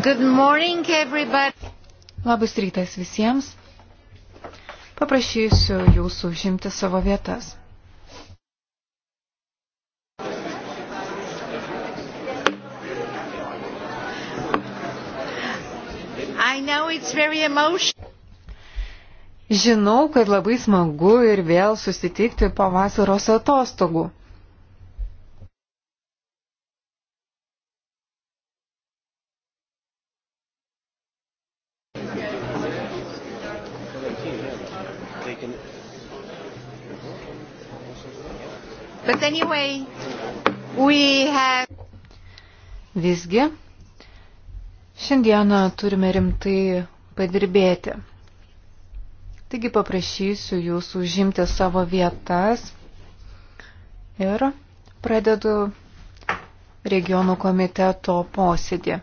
Good morning, everybody. Labas rytas visiems. Paprašysiu jūsų žimti savo vietas. Žinau, kad labai smagu ir vėl susitikti po vasaros atostogų. Anyway, have... Visgi, šiandieną turime rimtai padirbėti. Taigi paprašysiu jūsų užimti savo vietas ir pradedu regionų komiteto posėdį.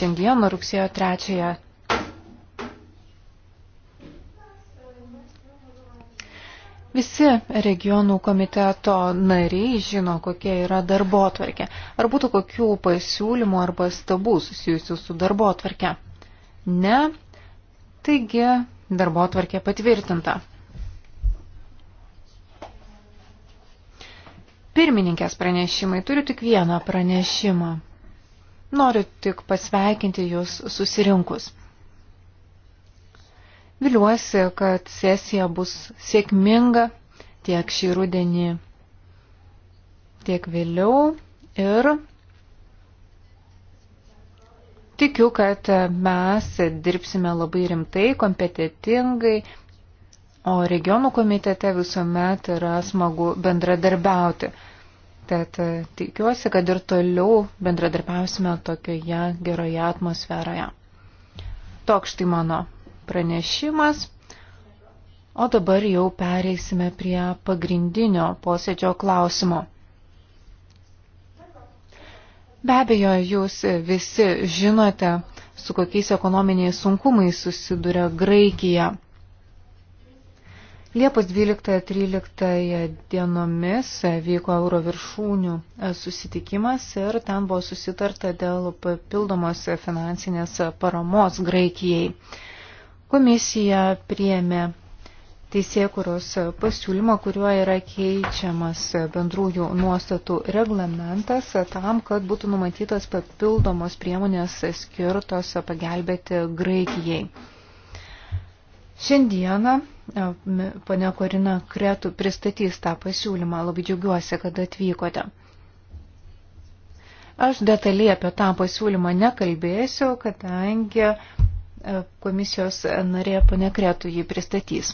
Šiandieną rugsėjo 3 Visi regionų komiteto nariai žino, kokia yra darbo atvarkė. Ar būtų kokių pasiūlymų arba stabų susijusių su darbo atvarkė? Ne. Taigi, darbo atvarkė patvirtinta. Pirmininkės pranešimai. Turiu tik vieną pranešimą. Noriu tik pasveikinti jūs susirinkus. Viliuosi, kad sesija bus sėkminga tiek šį rudenį, tiek vėliau ir tikiu, kad mes dirbsime labai rimtai, kompetitingai, o regionų komitete visuomet yra smagu bendradarbiauti. Tad e, tikiuosi, kad ir toliau bendradarbiausime tokioje geroje atmosferoje. Toks tai mano pranešimas. O dabar jau pereisime prie pagrindinio posėdžio klausimo. Be abejo, jūs visi žinote, su kokiais ekonominiais sunkumais susiduria Graikija. Liepos 12-13 dienomis vyko euro viršūnių susitikimas ir ten buvo susitarta dėl papildomos finansinės paramos Graikijai. Komisija priėmė teisėkuros pasiūlymą, kuriuo yra keičiamas bendrųjų nuostatų reglamentas tam, kad būtų numatytas papildomos priemonės skirtos pagelbėti Graikijai. Šiandieną ponia Korina Kretų pristatys tą pasiūlymą. Labai džiaugiuosi, kad atvykote. Aš detaliai apie tą pasiūlymą nekalbėsiu, kadangi komisijos narė ponė Kretų jį pristatys.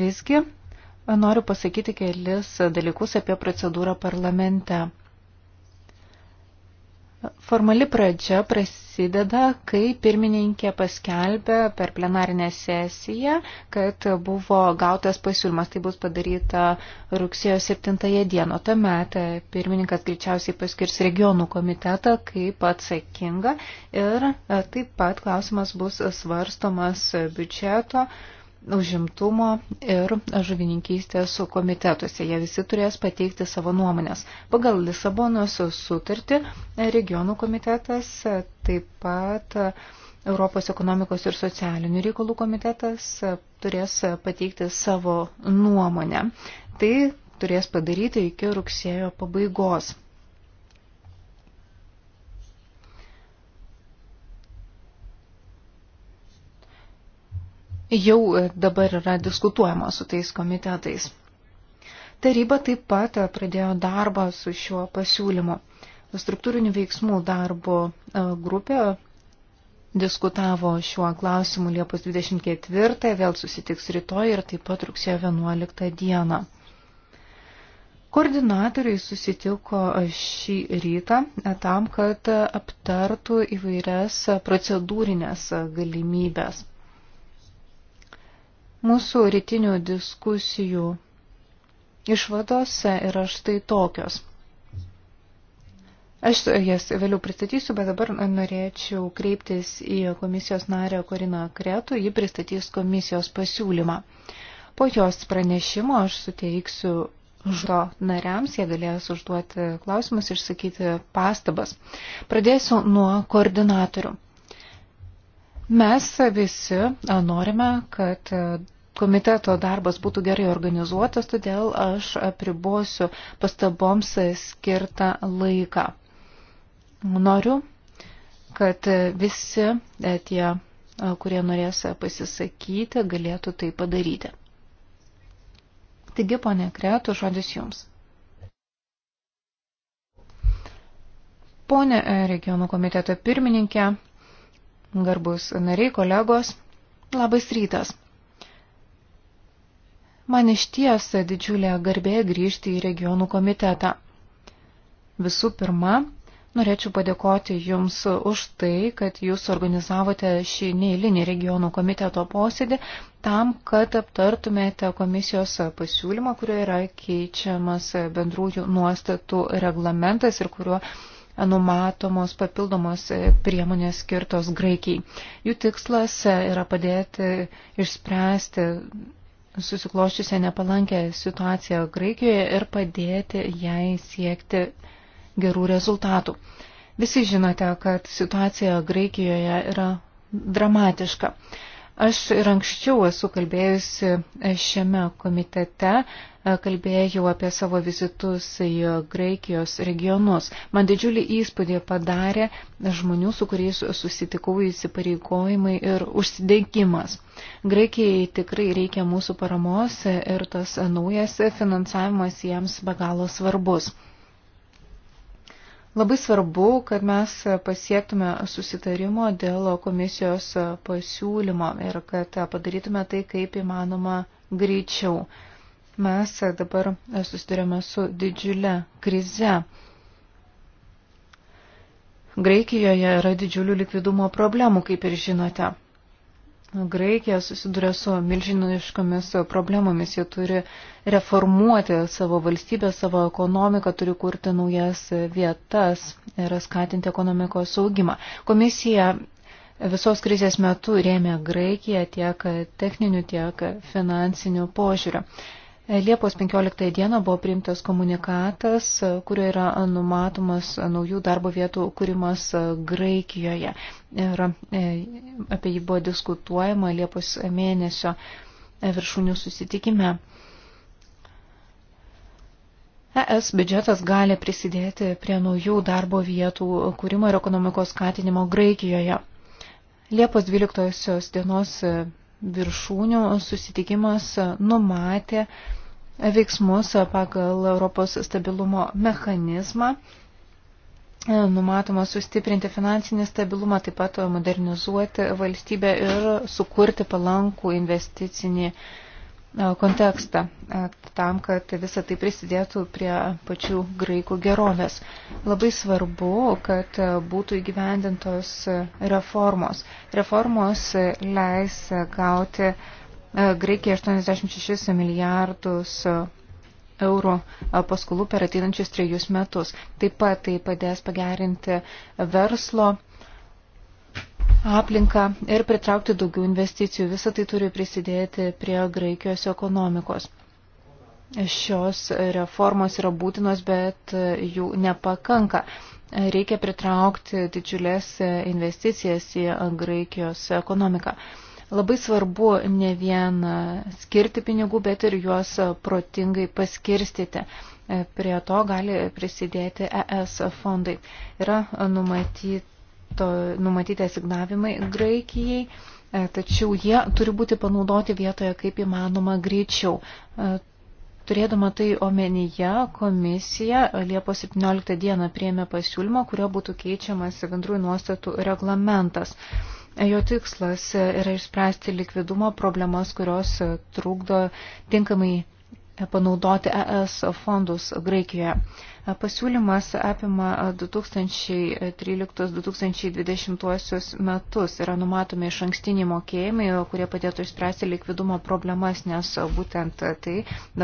Visgi noriu pasakyti kelis dalykus apie procedūrą parlamente. Formali pradžia prasideda, kai pirmininkė paskelbė per plenarinę sesiją, kad buvo gautas pasiūlymas, tai bus padaryta rugsėjo 7 dieną. Tuomet pirmininkas greičiausiai paskirs regionų komitetą kaip atsakinga ir taip pat klausimas bus svarstomas biudžeto užimtumo ir žuvininkystės komitetuose. Jie visi turės pateikti savo nuomonės. Pagal Lisabonos sutartį regionų komitetas, taip pat Europos ekonomikos ir socialinių reikalų komitetas turės pateikti savo nuomonę. Tai turės padaryti iki rugsėjo pabaigos. jau e, dabar yra diskutuojama su tais komitetais. Taryba taip pat e, pradėjo darbą su šiuo pasiūlymu. Struktūrinių veiksmų darbo e, grupė diskutavo šiuo klausimu Liepos 24, vėl susitiks rytoj ir taip pat rugsėjo 11 dieną. Koordinatoriai susitiko šį rytą tam, kad aptartų įvairias procedūrinės galimybės. Mūsų rytinių diskusijų išvadose yra štai tokios. Aš jas vėliau pristatysiu, bet dabar norėčiau kreiptis į komisijos narę Koriną Kretų, ji pristatys komisijos pasiūlymą. Po jos pranešimo aš suteiksiu žro nariams, jie galės užduoti klausimus ir sakyti pastabas. Pradėsiu nuo koordinatorių. Mes visi norime, kad komiteto darbas būtų gerai organizuotas, todėl aš apribosiu pastaboms skirtą laiką. Noriu, kad visi e, tie, e, kurie norės pasisakyti, galėtų tai padaryti. Taigi, ponė Kretų, žodis jums. Pone regionų komiteto pirmininkė, garbus nariai, kolegos, labas rytas. Man iš ties didžiulė garbė grįžti į regionų komitetą. Visų pirma, norėčiau padėkoti Jums už tai, kad Jūs organizavote šį neįlinį regionų komiteto posėdį tam, kad aptartumėte komisijos pasiūlymą, kurio yra keičiamas bendrųjų nuostatų reglamentas ir kuriuo numatomos papildomos priemonės skirtos Graikijai. Jų tikslas yra padėti išspręsti susikloščiusią nepalankę situaciją Graikijoje ir padėti jai siekti gerų rezultatų. Visi žinote, kad situacija Graikijoje yra dramatiška. Aš ir anksčiau esu kalbėjusi šiame komitete, e, kalbėjau apie savo vizitus į Graikijos regionus. Man didžiulį įspūdį padarė žmonių, su kuriais susitikau įsipareigojimai ir užsidėgymas. Graikijai tikrai reikia mūsų paramos ir tas naujas finansavimas jiems be galo svarbus. Labai svarbu, kad mes pasiektume susitarimo dėl komisijos pasiūlymo ir kad padarytume tai kaip įmanoma greičiau. Mes dabar susidurėme su didžiulė krize. Graikijoje yra didžiulių likvidumo problemų, kaip ir žinote. Graikija susiduria su milžiniškomis problemomis. Jie turi reformuoti savo valstybę, savo ekonomiką, turi kurti naujas vietas ir skatinti ekonomikos augimą. Komisija visos krizės metu rėmė Graikiją tiek techniniu, tiek finansiniu požiūriu. Liepos 15 dieną buvo priimtas komunikatas, kurio yra numatomas naujų darbo vietų kūrimas Graikijoje. Ir e, apie jį buvo diskutuojama Liepos mėnesio viršūnių susitikime. ES biudžetas gali prisidėti prie naujų darbo vietų kūrimo ir ekonomikos skatinimo Graikijoje. Liepos 12 dienos viršūnių susitikimas numatė veiksmus pagal Europos stabilumo mechanizmą. Numatoma sustiprinti finansinį stabilumą, taip pat modernizuoti valstybę ir sukurti palankų investicinį kontekstą tam, kad visa tai prisidėtų prie pačių graikų gerovės. Labai svarbu, kad būtų įgyvendintos reformos. Reformos leis gauti Graikija 86 milijardus eurų paskolų per ateinančius trejus metus. Taip pat tai padės pagerinti verslo aplinką ir pritraukti daugiau investicijų. Visą tai turi prisidėti prie Graikijos ekonomikos. Šios reformos yra būtinos, bet jų nepakanka. Reikia pritraukti didžiulės investicijas į Graikijos ekonomiką. Labai svarbu ne vien skirti pinigų, bet ir juos protingai paskirstyti. Prie to gali prisidėti ES fondai. Yra numatyti to numatyti asignavimai Graikijai, e, tačiau jie turi būti panaudoti vietoje kaip įmanoma greičiau. E, turėdama tai omenyje, komisija Liepos 17 dieną priėmė pasiūlymą, kurio būtų keičiamas bendrųjų nuostatų reglamentas. E, jo tikslas yra išspręsti likvidumo problemas, kurios trukdo tinkamai panaudoti ES fondus Graikijoje. Pasiūlymas apima 2013-2020 metus. Yra numatomi iš ankstiniai mokėjimai, kurie padėtų išspręsti likvidumo problemas, nes būtent tai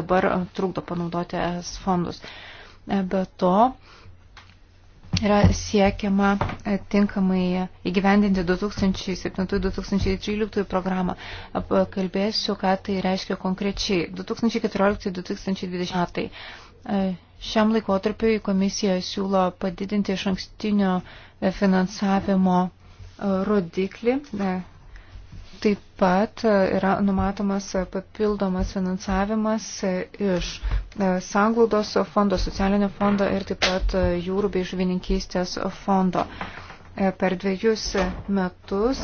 dabar trukdo panaudoti es fondus. E, be to, yra siekiama tinkamai įgyvendinti 2007-2013 programą. Kalbėsiu, ką tai reiškia konkrečiai. 2014-2020 metai. Šiam laikotarpiu komisija siūlo padidinti iš ankstinio e, finansavimo e, rodiklį. E, taip pat yra numatomas papildomas finansavimas iš sanglaudos fondo, socialinio fondo ir taip pat jūrų bei žvininkystės fondo. Per dvejus metus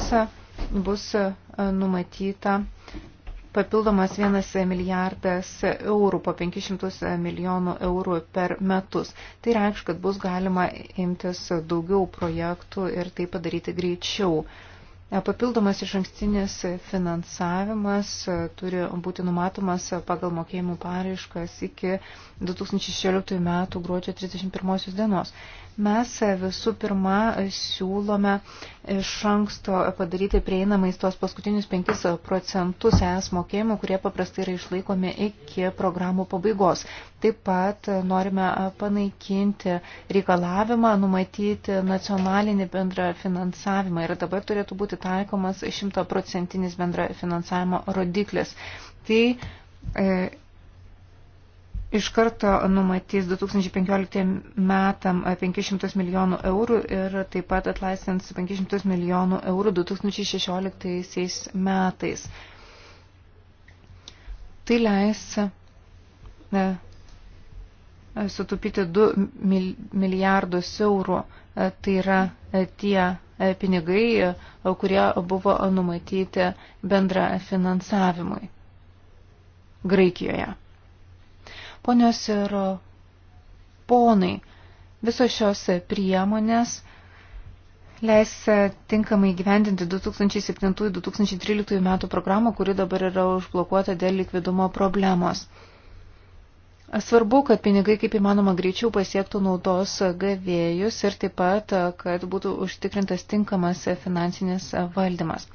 bus numatyta papildomas 1 milijardas eurų po 500 milijonų eurų per metus. Tai reikš, kad bus galima imtis daugiau projektų ir tai padaryti greičiau. Papildomas iš ankstinis finansavimas turi būti numatomas pagal mokėjimų paraiškas iki 2016 m. gruodžio 31 dienos. Mes visų pirma siūlome iš anksto padaryti prieinamais tos paskutinius 5 procentus ES mokėjimų, kurie paprastai yra išlaikomi iki programų pabaigos. Taip pat norime panaikinti reikalavimą, numatyti nacionalinį bendrą finansavimą ir dabar turėtų būti taikomas 100 procentinis bendrą finansavimo rodiklis. Tai e, iš karto numatys 2015 metam 500 milijonų eurų ir taip pat atlaisins 500 milijonų eurų 2016 metais. Tai leis ne, sutupyti 2 milijardus eurų. E, tai yra e, tie e, pinigai, kurie buvo numatyti bendra finansavimui Graikijoje. Ponios ir ponai, visos šios priemonės leis tinkamai gyvendinti 2007-2013 metų programą, kuri dabar yra užblokuota dėl likvidumo problemos. Svarbu, kad pinigai kaip įmanoma greičiau pasiektų naudos gavėjus ir taip pat, kad būtų užtikrintas tinkamas finansinis valdymas.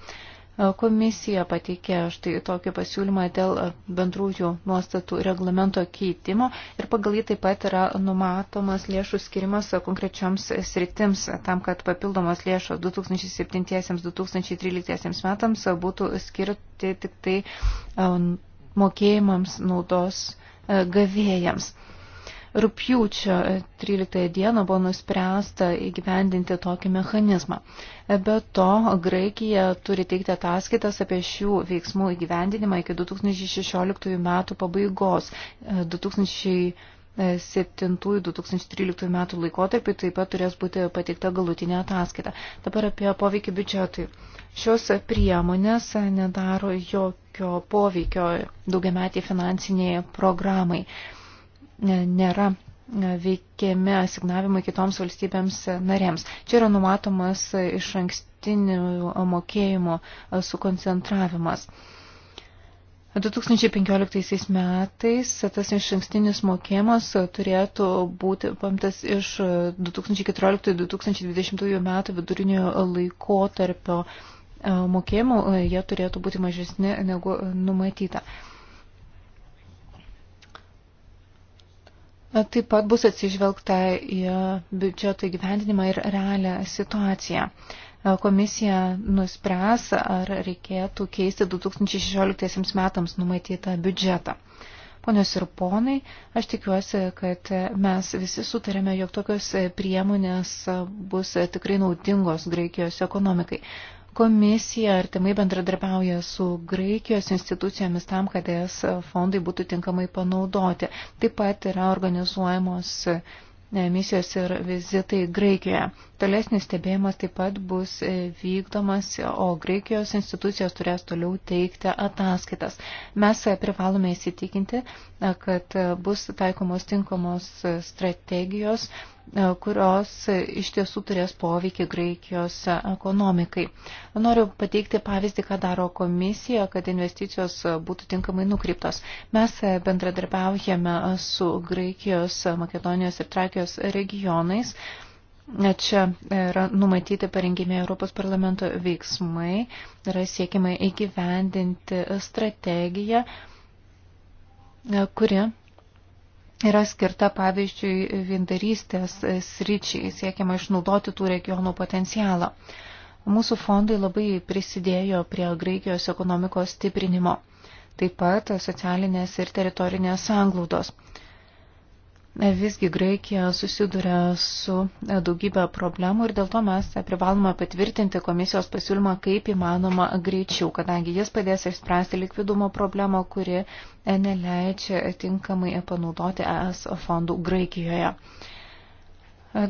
Komisija pateikė štai tokį pasiūlymą dėl bendrųjų nuostatų reglamento keitimo ir pagal jį taip pat yra numatomas lėšų skirimas konkrečioms sritims tam, kad papildomos lėšos 2007-2013 metams būtų skirti tik tai um, mokėjimams naudos uh, gavėjams. Rūpjūčio 13 e, dieną buvo nuspręsta įgyvendinti tokį mechanizmą. E, be to, Graikija turi teikti ataskaitas apie šių veiksmų įgyvendinimą iki 2016 metų pabaigos. 2007-2013 e, metų laikotarpį taip pat turės būti pateikta galutinė ataskaita. Dabar apie poveikį biudžetui. Šios priemonės nedaro jokio poveikio daugiametį finansiniai programai nėra veikiami asignavimai kitoms valstybėms narėms. Čia yra numatomas iš ankstinių mokėjimo sukoncentravimas. 2015 metais tas iš ankstinis mokėjimas turėtų būti pamtas iš 2014-2020 metų vidurinio laiko tarpio e, mokėjimų, e, jie turėtų būti mažesni negu numatyta. Taip pat bus atsižvelgta į biudžeto įgyvendinimą ir realią situaciją. Komisija nuspręs, ar reikėtų keisti 2016 metams numatytą biudžetą. Ponios ir ponai, aš tikiuosi, kad mes visi sutarėme, jog tokios priemonės bus tikrai naudingos Graikijos ekonomikai. Komisija artimai bendradarbiauja su Graikijos institucijomis tam, kad es fondai būtų tinkamai panaudoti. Taip pat yra organizuojamos e, misijos ir vizitai Graikijoje. Tolesnis stebėjimas taip pat bus e, vykdomas, o Graikijos institucijos turės toliau teikti ataskaitas. Mes e, privalome įsitikinti, kad bus taikomos tinkamos strategijos E, kurios iš tiesų turės poveikį Graikijos ekonomikai. Noriu pateikti pavyzdį, ką daro komisija, kad investicijos būtų tinkamai nukryptos. Mes bendradarbiaujame su Graikijos, Makedonijos ir Trakijos regionais. Čia yra numatyti parengimė Europos parlamento veiksmai, yra siekiama įgyvendinti strategiją, kuri yra skirta, pavyzdžiui, vindarystės sričiai, siekiama išnaudoti tų regionų potencialą. Mūsų fondai labai prisidėjo prie Graikijos ekonomikos stiprinimo, taip pat socialinės ir teritorinės sanglaudos. Visgi Graikija susiduria su e, daugybė problemų ir dėl to mes e, privalome patvirtinti komisijos pasiūlymą kaip įmanoma greičiau, kadangi jis padės išspręsti likvidumo problemą, kuri e, neleidžia tinkamai panaudoti ES fondų Graikijoje.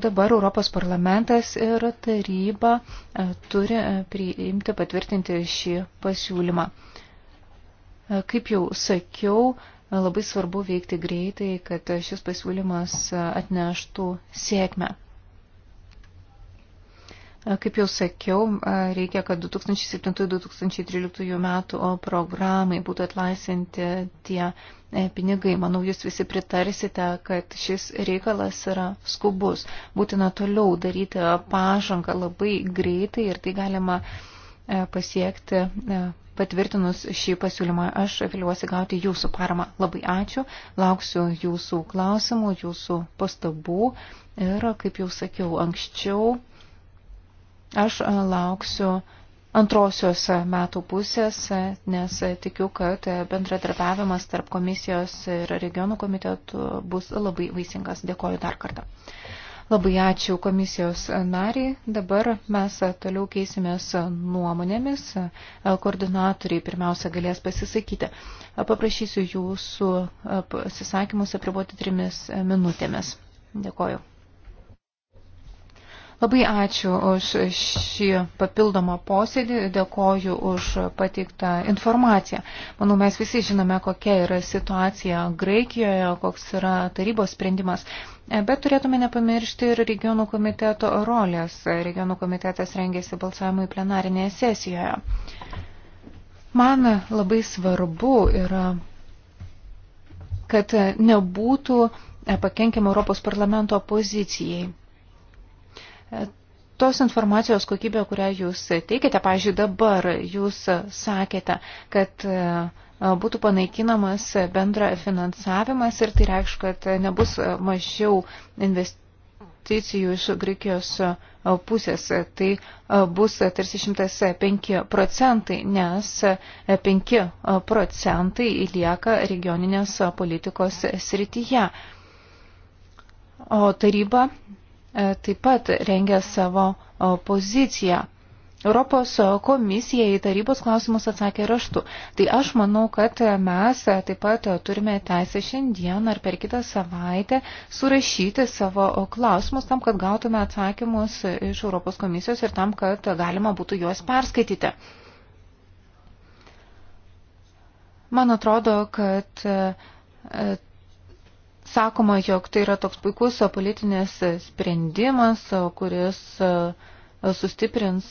Dabar Europos parlamentas ir taryba turi priimti patvirtinti šį pasiūlymą. Kaip jau sakiau, Labai svarbu veikti greitai, kad šis pasiūlymas atneštų sėkmę. Kaip jau sakiau, reikia, kad 2007-2013 metų programai būtų atlaisvinti tie e, pinigai. Manau, jūs visi pritarsite, kad šis reikalas yra skubus. Būtina toliau daryti pažangą labai greitai ir tai galima E, pasiekti e, patvirtinus šį pasiūlymą. Aš viliuosi gauti jūsų paramą. Labai ačiū, lauksiu jūsų klausimų, jūsų pastabų ir, kaip jau sakiau anksčiau, aš e, lauksiu antrosios metų pusės, nes tikiu, kad bendradarbiavimas tarp komisijos ir regionų komitetų bus labai vaisingas. Dėkoju dar kartą. Labai ačiū komisijos nariai. Dabar mes toliau keisimės nuomonėmis. Koordinatoriai pirmiausia galės pasisakyti. Paprašysiu jūsų pasisakymus apriboti trimis minutėmis. Dėkoju. Labai ačiū už šį papildomą posėdį, dėkoju už pateiktą informaciją. Manau, mes visi žinome, kokia yra situacija Graikijoje, koks yra tarybos sprendimas. E, bet turėtume nepamiršti ir regionų komiteto rolės. Regionų komitetas rengėsi balsavimui plenarinėje sesijoje. Man labai svarbu yra, kad nebūtų e, pakenkimo Europos parlamento pozicijai e, tos informacijos kokybė, kurią jūs teikėte, pažiūrėjau, dabar jūs sakėte, kad būtų panaikinamas bendra finansavimas ir tai reikš, kad nebus mažiau investicijų iš Graikijos pusės. Tai bus tarsi 105 procentai, nes 5 procentai lieka regioninės politikos srityje. O taryba taip pat rengia savo poziciją. Europos komisija į tarybos klausimus atsakė raštu. Tai aš manau, kad mes taip pat turime teisę šiandien ar per kitą savaitę surašyti savo klausimus tam, kad gautume atsakymus iš Europos komisijos ir tam, kad galima būtų juos perskaityti. Man atrodo, kad e, sakoma, jog tai yra toks puikus politinis sprendimas, kuris e, sustiprins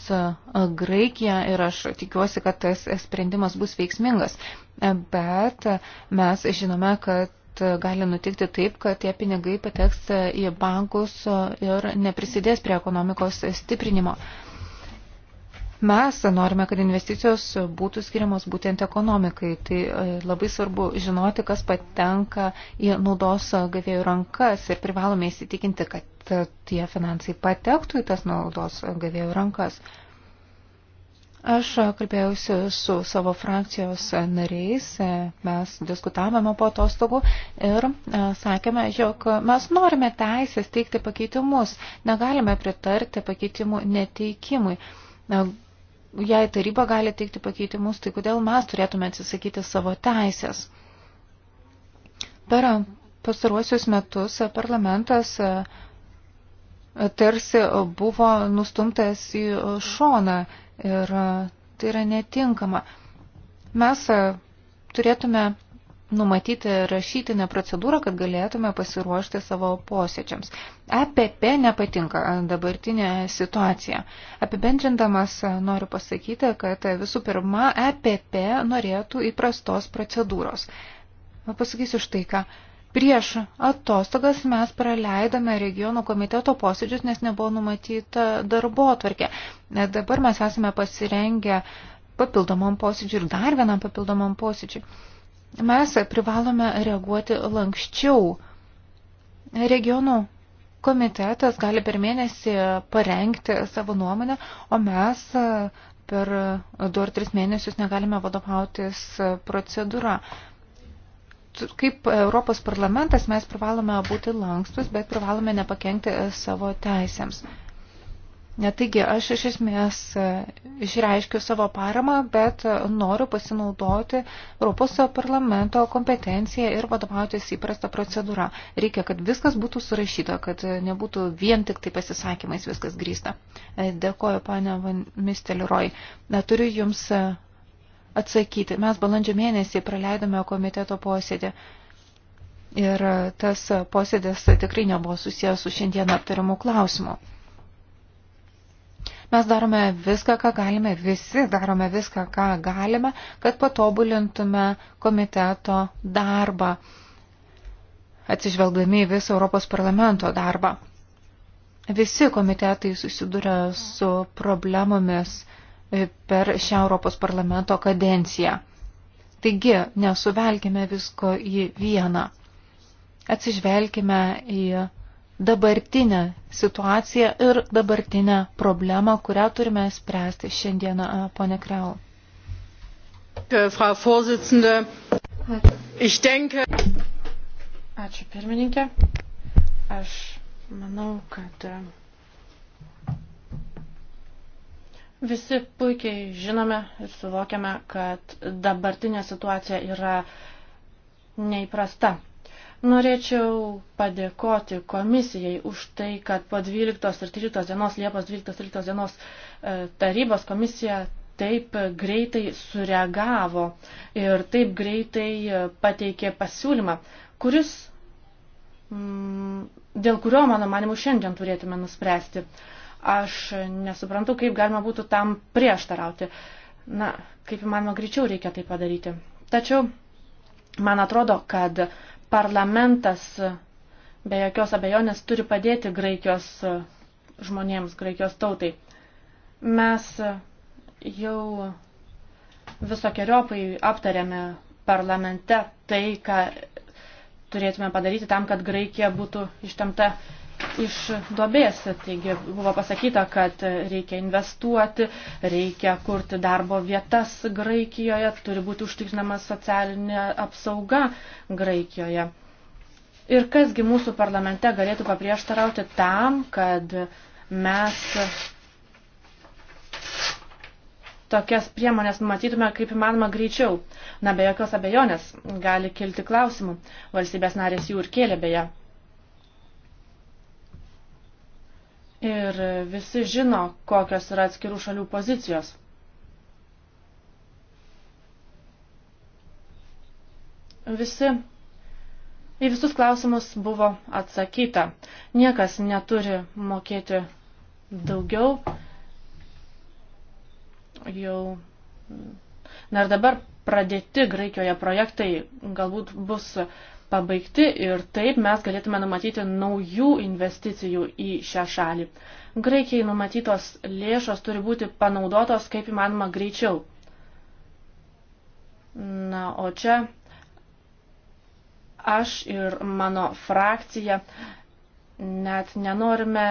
Graikiją ir aš tikiuosi, kad tas sprendimas bus veiksmingas. E, bet mes žinome, kad gali nutikti taip, kad tie pinigai pateks į bankus ir neprisidės prie ekonomikos stiprinimo. Mes norime, kad investicijos būtų skiriamos būtent ekonomikai. Tai e, labai svarbu žinoti, kas patenka į naudos gavėjų rankas ir privalome įsitikinti, kad tie finansai patektų į tas naudos gavėjų rankas. Aš kalbėjausi su savo frakcijos nariais, e, mes diskutavome po atostogų ir e, sakėme, jog mes norime teisės teikti pakeitimus, negalime pritarti pakeitimų neteikimui jei taryba gali teikti pakeitimus, tai kodėl mes turėtume atsisakyti savo teisės? Per pastaruosius metus parlamentas e, tarsi buvo nustumtas į šoną ir e, tai yra netinkama. Mes e, turėtume numatyti rašytinę procedūrą, kad galėtume pasiruošti savo posėdžiams. APP e nepatinka e, dabartinė situacija. Apibendrindamas e, noriu pasakyti, kad visų pirma, APP norėtų įprastos procedūros. Pasakysiu štai ką. Prieš atostogas mes praleidome regionų komiteto posėdžius, nes nebuvo numatyta darbo atvarkė. Dabar mes esame pasirengę papildomam posėdžiui ir dar vienam papildomam posėdžiui. Mes privalome reaguoti lankščiau. Regionų komitetas gali per mėnesį parengti savo nuomonę, o mes e, per 2 ar 3 mėnesius negalime vadovautis procedūra. Kaip Europos parlamentas mes privalome būti lankstus, bet privalome nepakengti savo teisėms. Taigi aš iš esmės e, išreiškiu savo paramą, bet e, noriu pasinaudoti Europos parlamento kompetenciją ir vadovautis įprasta procedūra. Reikia, kad viskas būtų surašyta, kad e, nebūtų vien tik tai pasisakymais viskas grįsta. Dėkoju, pane Misteliroj. Turiu Jums atsakyti. Mes balandžio mėnesį praleidome komiteto posėdį. Ir tas posėdis tikrai nebuvo susijęs su šiandien aptariamu klausimu. Mes darome viską, ką galime, visi darome viską, ką galime, kad patobulintume komiteto darbą, atsižvelgdami į visą Europos parlamento darbą. Visi komitetai susiduria su problemomis e, per šią Europos parlamento kadenciją. Taigi, nesuvelkime visko į vieną. Atsižvelkime į dabartinę situaciją ir dabartinę problemą, kurią turime spręsti šiandieną, ponė Kreu. Ačiū pirmininkė. Aš manau, kad Visi puikiai žinome ir suvokiame, kad dabartinė situacija yra neįprasta. Norėčiau padėkoti komisijai už tai, kad po 12 ir 13 dienos, Liepos 12 ir 13 dienos e, tarybos komisija taip greitai sureagavo ir taip greitai e, pateikė pasiūlymą, kuris, mm, dėl kurio, mano manimu, šiandien turėtume nuspręsti. Aš nesuprantu, kaip galima būtų tam prieštarauti. Na, kaip įmanoma greičiau reikia tai padaryti. Tačiau, man atrodo, kad uh, parlamentas be jokios abejonės turi padėti Graikijos žmonėms, Graikijos tautai. Mes jau visokiojopai aptarėme parlamente tai, ką turėtume padaryti tam, kad Graikija būtų ištemta iš dobės. Taigi buvo pasakyta, kad reikia investuoti, reikia kurti darbo vietas Graikijoje, turi būti užtikrinama socialinė apsauga Graikijoje. Ir kasgi mūsų parlamente galėtų paprieštarauti tam, kad mes tokias priemonės numatytume kaip įmanoma greičiau. Na, be jokios abejonės gali kilti klausimų. Valstybės narės jų ir kėlė beje. Ir visi žino, kokios yra atskirų šalių pozicijos. Visi Į visus klausimus buvo atsakyta. Niekas neturi mokėti daugiau. Jau. Na ir dabar pradėti Graikijoje projektai galbūt bus pabaigti ir taip mes galėtume numatyti naujų investicijų į šią šalį. Graikijai numatytos lėšos turi būti panaudotos kaip įmanoma greičiau. Na, o čia aš ir mano frakcija net nenorime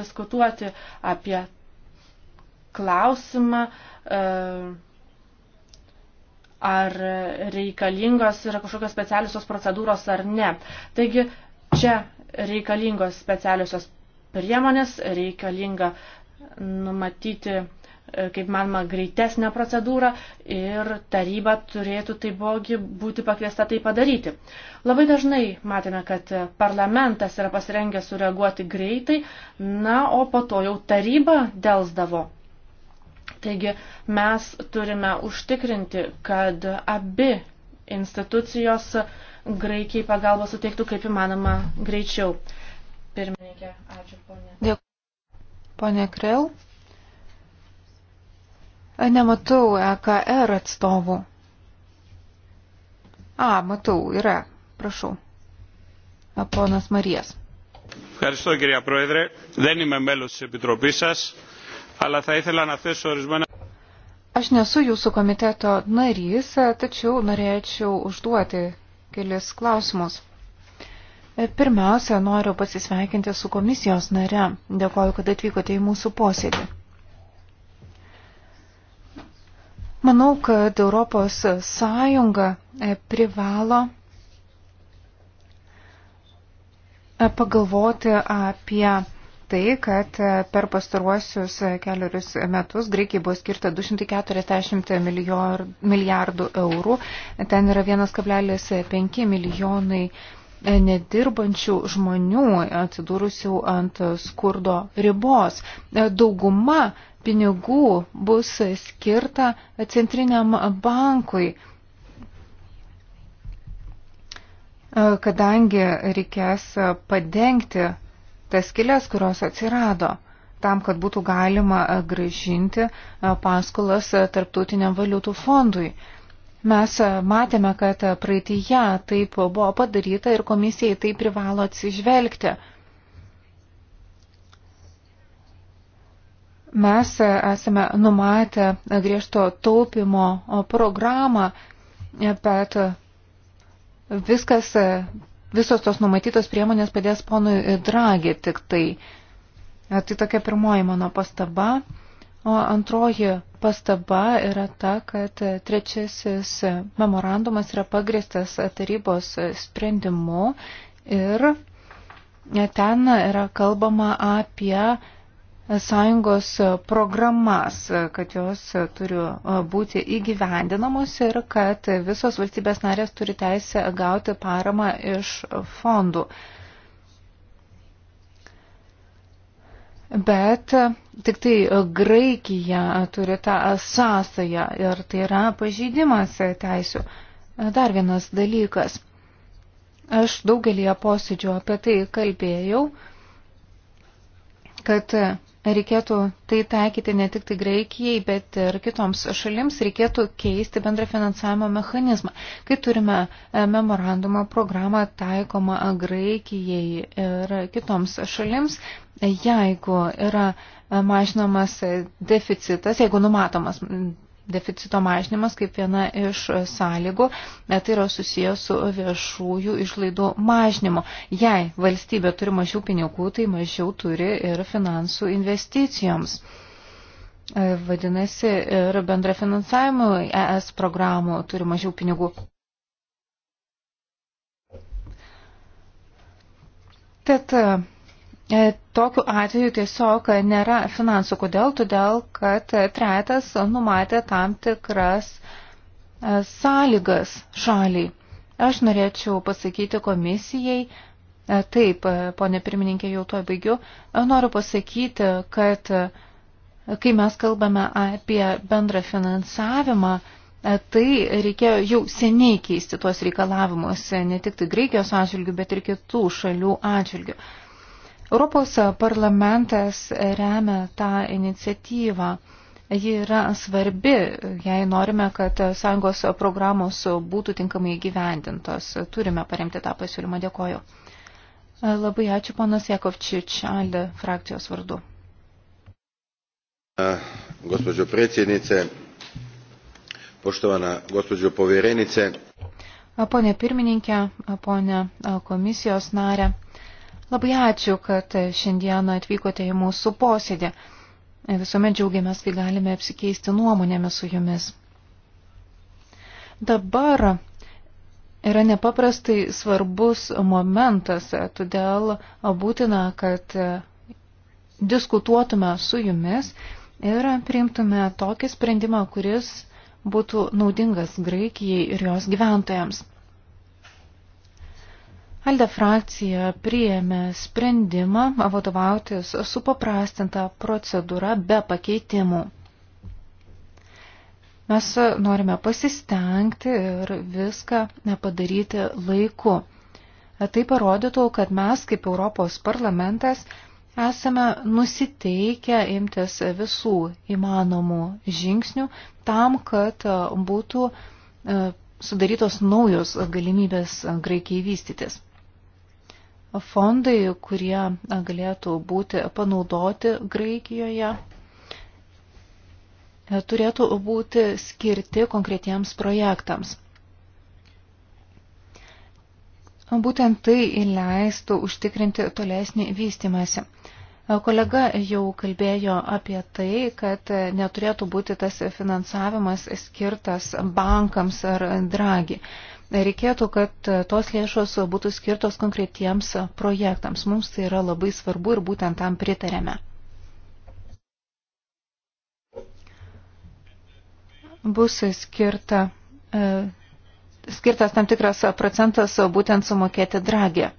diskutuoti apie klausimą. E, ar reikalingos yra kažkokios specialiosios procedūros ar ne. Taigi čia reikalingos specialiosios priemonės, reikalinga numatyti, e, kaip manoma, greitesnę procedūrą ir taryba turėtų taipogi būti pakviesta tai padaryti. Labai dažnai matėme, kad parlamentas yra pasirengęs sureaguoti greitai, na, o po to jau taryba dėlsdavo Taigi mes turime užtikrinti, kad abi institucijos Graikijai pagalbą suteiktų kaip įmanoma greičiau. Pirmininkė, ačiū ponė. Dėkui. Pone Krel. Nematau EKR atstovų. A, matau, yra. Prašau. Ponas Marijas. Ευχαριστώ κυρία Πρόεδρε. Δεν είμαι μέλος της Επιτροπής σας αλλά θα ήθελα να θέσω ορισμένα. Aš nesu jūsų komiteto narys, tačiau norėčiau užduoti kelis klausimus. Pirmiausia, noriu pasisveikinti su komisijos nare. Dėkoju, kad atvykote į mūsų posėdį. Manau, kad Europos Sąjunga e, privalo e, pagalvoti apie tai, kad e, per pastaruosius e, keliarius metus Graikijai buvo skirta 240 milijardų eurų. Ten yra 1,5 milijonai e, nedirbančių žmonių atsidūrusių ant skurdo ribos. Dauguma pinigų bus skirta centriniam bankui kadangi reikės padengti tas skilės, kurios atsirado tam, kad būtų galima e, gražinti e, paskolas e, tarptautiniam valiutų fondui. Mes matėme, kad praeitįje taip buvo padaryta ir komisijai tai privalo atsižvelgti. Mes esame numatę griežto taupimo programą, bet viskas visos tos numatytos priemonės padės ponui Dragi tik tai. Tai tokia pirmoji mano pastaba. O antroji pastaba yra ta, kad trečiasis memorandumas yra pagristas tarybos sprendimu ir ten yra kalbama apie sąjungos programas, kad jos turi būti įgyvendinamos ir kad visos valstybės narės turi teisę gauti paramą iš fondų. Bet tik tai Graikija turi tą sąsąją ir tai yra pažeidimas teisių. Dar vienas dalykas. Aš daugelį posėdžių apie tai kalbėjau, kad reikėtų tai taikyti ne tik tai Graikijai, bet ir kitoms šalims, reikėtų keisti bendrą finansavimo mechanizmą. Kai turime e, memorandumo programą taikomą Graikijai ir kitoms šalims, e, jeigu yra e, mažinamas deficitas, jeigu numatomas deficito mažinimas kaip viena iš sąlygų, e, tai yra susijęs su viešųjų išlaidų mažinimu. Jei valstybė turi mažiau pinigų, tai mažiau turi ir finansų investicijoms. E, vadinasi, ir bendrafinansavimo ES programų turi mažiau pinigų. Tad E, tokiu atveju tiesiog nėra finansų. Kodėl? Todėl, kad tretas numatė tam tikras e, sąlygas šaliai. Aš norėčiau pasakyti komisijai, e, taip, ponė pirmininkė, jau to baigiu, noriu pasakyti, kad kai mes kalbame apie bendrą finansavimą, tai reikėjo jau seniai keisti tuos reikalavimus, ne tik tai Graikijos atžvilgių, bet ir kitų šalių atžvilgių. Europos parlamentas remia tą iniciatyvą. Ji yra svarbi, jei norime, kad sąjungos programos būtų tinkamai gyvendintos. Turime paremti tą pasiūlymą. Dėkoju. Labai ačiū, panas Jakovčič, Alde frakcijos vardu. Gospođo predsjednice, poštovana gospođo povjerenice. Pone pirmininkė, pone komisijos narė. Labai ačiū, kad šiandieną atvykote į mūsų posėdį. Visuomet džiaugiamės, kai galime apsikeisti nuomonėmis su jumis. Dabar yra nepaprastai svarbus momentas, todėl būtina, kad diskutuotume su jumis ir priimtume tokį sprendimą, kuris būtų naudingas Graikijai ir jos gyventojams. Alde frakcija priėmė sprendimą vadovautis supaprastinta procedūra be pakeitimų. Mes norime pasistengti ir viską padaryti laiku. Tai parodytų, kad mes kaip Europos parlamentas esame nusiteikę imtis visų įmanomų žingsnių tam, kad būtų e, sudarytos naujos galimybės Graikijai vystytis fondai, kurie galėtų būti panaudoti Graikijoje, e, turėtų būti skirti konkretiems projektams. Būtent tai leistų užtikrinti tolesnį vystimąsi. Kolega jau kalbėjo apie tai, kad neturėtų būti tas finansavimas skirtas bankams ar dragi reikėtų, kad tos lėšos būtų skirtos konkretiems projektams. Mums tai yra labai svarbu ir būtent tam pritarėme. Bus skirta, e, skirtas tam tikras procentas būtent sumokėti dragį.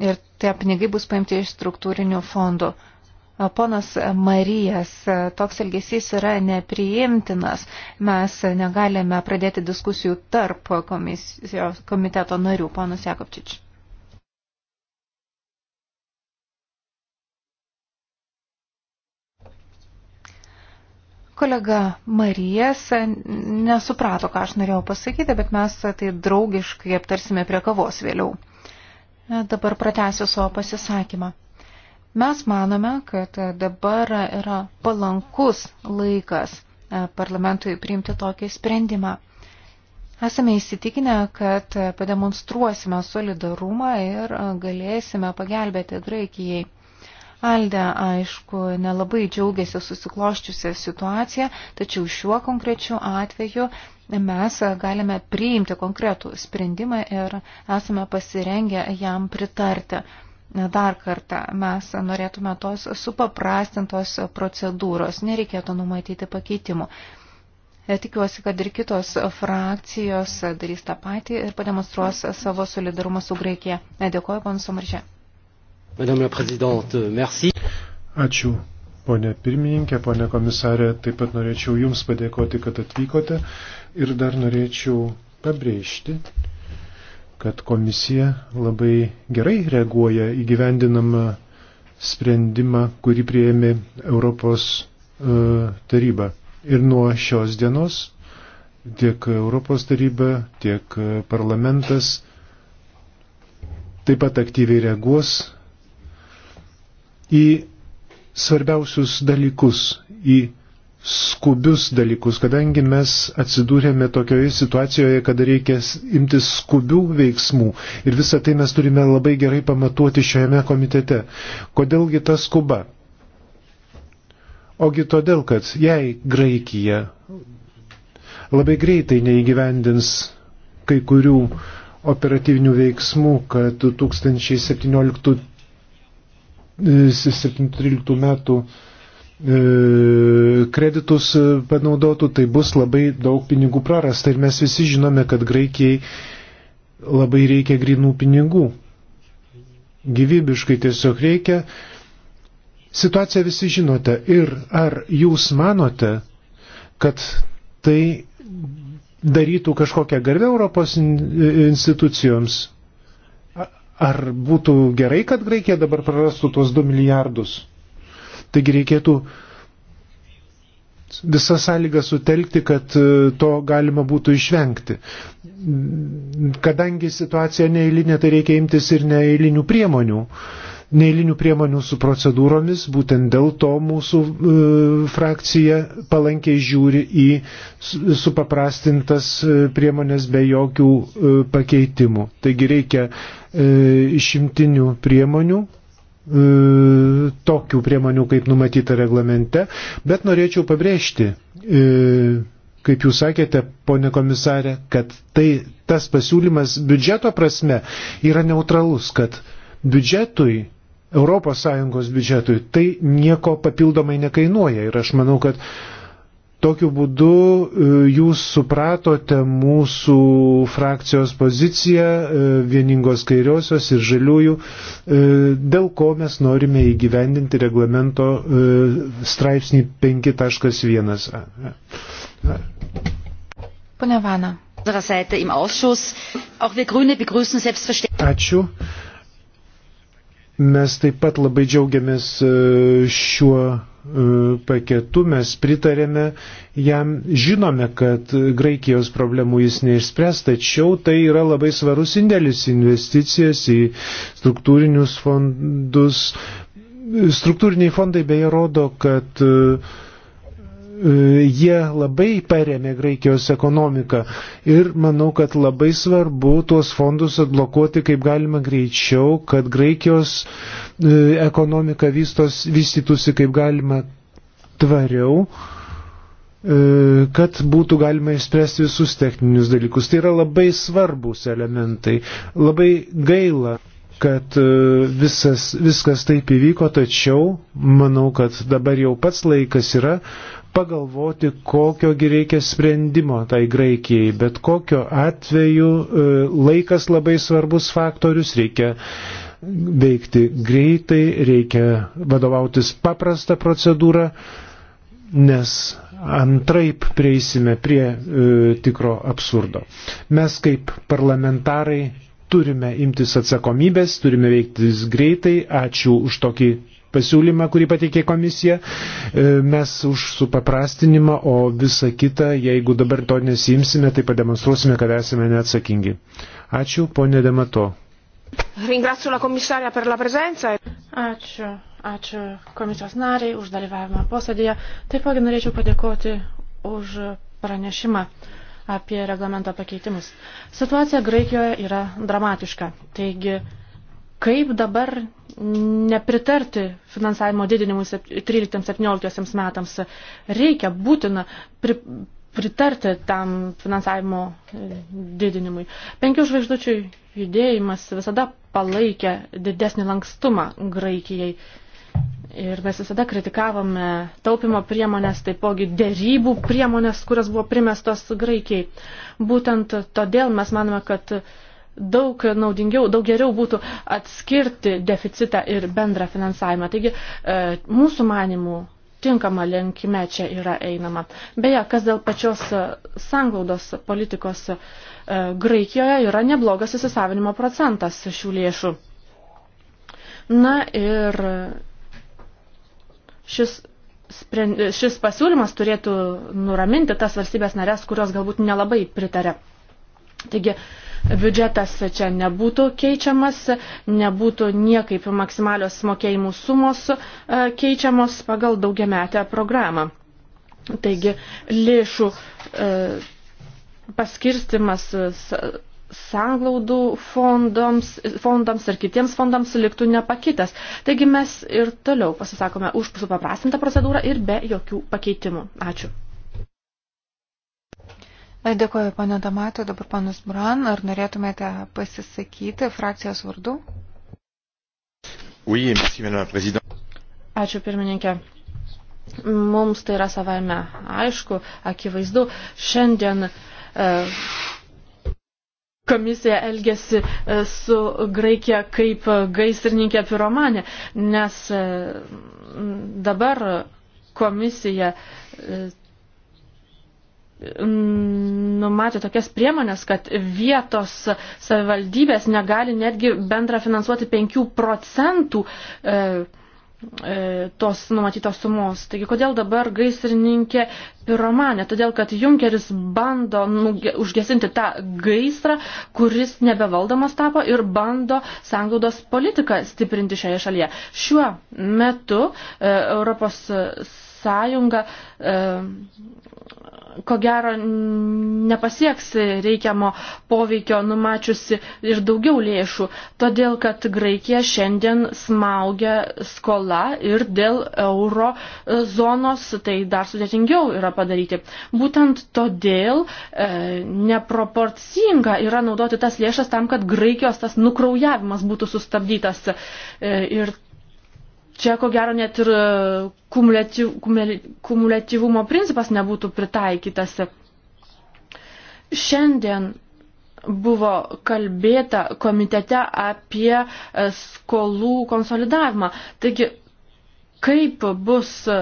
Ir tie pinigai bus paimti iš struktūrinių fondų. Ponas Marijas, toks elgesys yra nepriimtinas. Mes negalime pradėti diskusijų tarp komisijos, komiteto narių. Ponas Jakobčič. Kolega Marijas nesuprato, ką aš norėjau pasakyti, bet mes tai draugiškai aptarsime prie kavos vėliau. Dabar pratęsiu savo pasisakymą. Mes manome, kad dabar yra palankus laikas e, parlamentui priimti tokį sprendimą. Esame įsitikinę, kad pademonstruosime solidarumą ir galėsime pagelbėti Graikijai. Alde, aišku, nelabai džiaugiasi susikloščiusią situaciją, tačiau šiuo konkrečiu atveju mes galime priimti konkretų sprendimą ir esame pasirengę jam pritarti. Dar kartą mes norėtume tos supaprastintos procedūros, nereikėtų numatyti pakeitimų. E, tikiuosi, kad ir kitos frakcijos darys tą patį ir pademonstruos savo solidarumą su Graikija. Dėkuoju, ponas Somaržė. Ačiū, ponė pirmininkė, ponė komisarė. Taip pat norėčiau Jums padėkoti, kad atvykote ir dar norėčiau pabrėžti, kad komisija labai gerai reaguoja įgyvendinamą sprendimą, kurį prieėmė Europos e, taryba. Ir nuo šios dienos tiek Europos taryba, tiek e, parlamentas taip pat aktyviai reaguos į svarbiausius dalykus, į skubius dalykus, kadangi mes atsidūrėme tokioje situacijoje, kada reikia imtis skubių veiksmų ir visą tai mes turime labai gerai pamatuoti šiame komitete. Kodėlgi ta skuba? Ogi todėl, kad jei Graikija labai greitai neįgyvendins kai kurių operatyvinių veiksmų, kad 2017 2013 e, metų E, kreditus e, panaudotų, tai bus labai daug pinigų prarasta. Ir mes visi žinome, kad Graikijai labai reikia grinų pinigų. Gyvybiškai tiesiog reikia. Situaciją visi žinote. Ir ar jūs manote, kad tai darytų kažkokią garbę Europos e, institucijoms? Ar būtų gerai, kad Graikija dabar prarastų tuos 2 milijardus? Taigi reikėtų visą sąlygą sutelkti, kad e, to galima būtų išvengti. Kadangi situacija neįlinė, tai reikia imtis ir neįlinių priemonių. Neįlinių priemonių su procedūromis, būtent dėl to mūsų e, frakcija palankiai žiūri į supaprastintas e, priemonės be jokių e, pakeitimų. Taigi reikia e, išimtinių priemonių, E, tokių priemonių, kaip numatyta reglamente, bet norėčiau pabrėžti, e, kaip jūs sakėte, ponė komisarė, kad tai, tas pasiūlymas biudžeto prasme yra neutralus, kad biudžetui, ES biudžetui, tai nieko papildomai nekainuoja. Ir aš manau, kad Tokiu būdu e, jūs supratote mūsų frakcijos poziciją e, vieningos kairiosios ir žaliųjų, e, dėl ko mes norime įgyvendinti reglamento straipsnį 5.1. Pone Vana. Ačiū. Mes taip pat labai džiaugiamės šiuo paketu, mes pritarėme jam, žinome, kad Graikijos problemų jis neišspręs, tačiau tai yra labai svarus indėlis investicijas į struktūrinius fondus. Struktūriniai fondai beje rodo, kad uh, jie labai paremė Graikijos ekonomiką ir manau, kad labai svarbu tuos fondus atblokuoti kaip galima greičiau, kad Graikijos e, ekonomika vystos, vystytųsi kaip galima tvariau e, kad būtų galima išspręsti visus techninius dalykus. Tai yra labai svarbus elementai. Labai gaila, kad e, visas, viskas taip įvyko, tačiau manau, kad dabar jau pats laikas yra uh, pagalvoti, kokiogi reikia sprendimo tai Graikijai. Bet kokio atveju e, laikas labai svarbus faktorius, reikia veikti greitai, reikia vadovautis paprastą procedūrą, nes antraip prieisime prie e, tikro absurdo. Mes kaip parlamentarai turime imtis atsakomybės, turime veiktis greitai. Ačiū už tokį pasiūlymą, kurį pateikė komisija. E, mes už supaprastinimą, o visa kita, jeigu dabar to nesimsime, tai pademonstruosime, kad esame neatsakingi. Ačiū, ponė Demato. Ringrazio la komisarė per la prezenza. Ačiū. Ačiū komisijos nariai už dalyvavimą posėdėje. Taip pat norėčiau padėkoti už pranešimą apie reglamento pakeitimus. Situacija Graikijoje yra dramatiška. Taigi, kaip dabar nepritarti finansavimo didinimui 13-17 metams. Reikia būtina pri, pritarti tam finansavimo e, didinimui. Penkių žvaigždučių judėjimas visada palaikė didesnį lankstumą Graikijai. Ir mes visada kritikavome taupimo priemonės, taipogi dėrybų priemonės, kurios buvo primestos Graikijai. Būtent todėl mes manome, kad daug naudingiau, daug geriau būtų atskirti deficitą ir bendrą finansavimą. Taigi e, mūsų manimų tinkama linkime čia yra einama. Beje, kas dėl pačios e, sanglaudos politikos e, Graikijoje yra neblogas įsisavinimo procentas šių lėšų. Na ir šis šis pasiūlymas turėtų nuraminti tas valstybės narės, kurios galbūt nelabai pritarė. Taigi biudžetas čia nebūtų keičiamas, nebūtų niekaip maksimalios mokėjimų sumos e, keičiamos pagal daugiametę programą. Taigi lėšų e, paskirstimas sanglaudų fondams, fondams ir kitiems fondams liktų nepakitęs. Taigi mes ir toliau pasisakome už supaprastintą procedūrą ir be jokių pakeitimų. Ačiū. Dėkuoju, pane Damato, dabar panus Bran, ar norėtumėte pasisakyti frakcijos vardu? Oui, merci, Ačiū pirmininkė. Mums tai yra savaime aišku, akivaizdu. Šiandien e, komisija elgesi e, su Graikija kaip gaisrininkė piromanė, nes e, dabar komisija. E, Mm, numatė tokias priemonės, kad vietos savivaldybės negali netgi bendra finansuoti 5 procentų e, e, tos numatytos sumos. Taigi, kodėl dabar gaisrininkė piromanė? Todėl, kad Junkeris bando nuge, užgesinti tą gaisrą, kuris nebevaldomas tapo ir bando sanglaudos politiką stiprinti šioje šalyje. Šiuo metu e, Europos Sąjunga e, ko gero nepasieks reikiamo poveikio numačiusi ir daugiau lėšų, todėl kad Graikija šiandien smaugia skola ir dėl euro zonos tai dar sudėtingiau yra padaryti. Būtent todėl e, neproporcinga yra naudoti tas lėšas tam, kad Graikijos tas nukraujavimas būtų sustabdytas. E, ir čia ko gero net ir e, kumuliatyv, kumuliatyvumo principas nebūtų pritaikytas. Šiandien buvo kalbėta komitete apie e, skolų konsolidavimą. Taigi kaip bus e,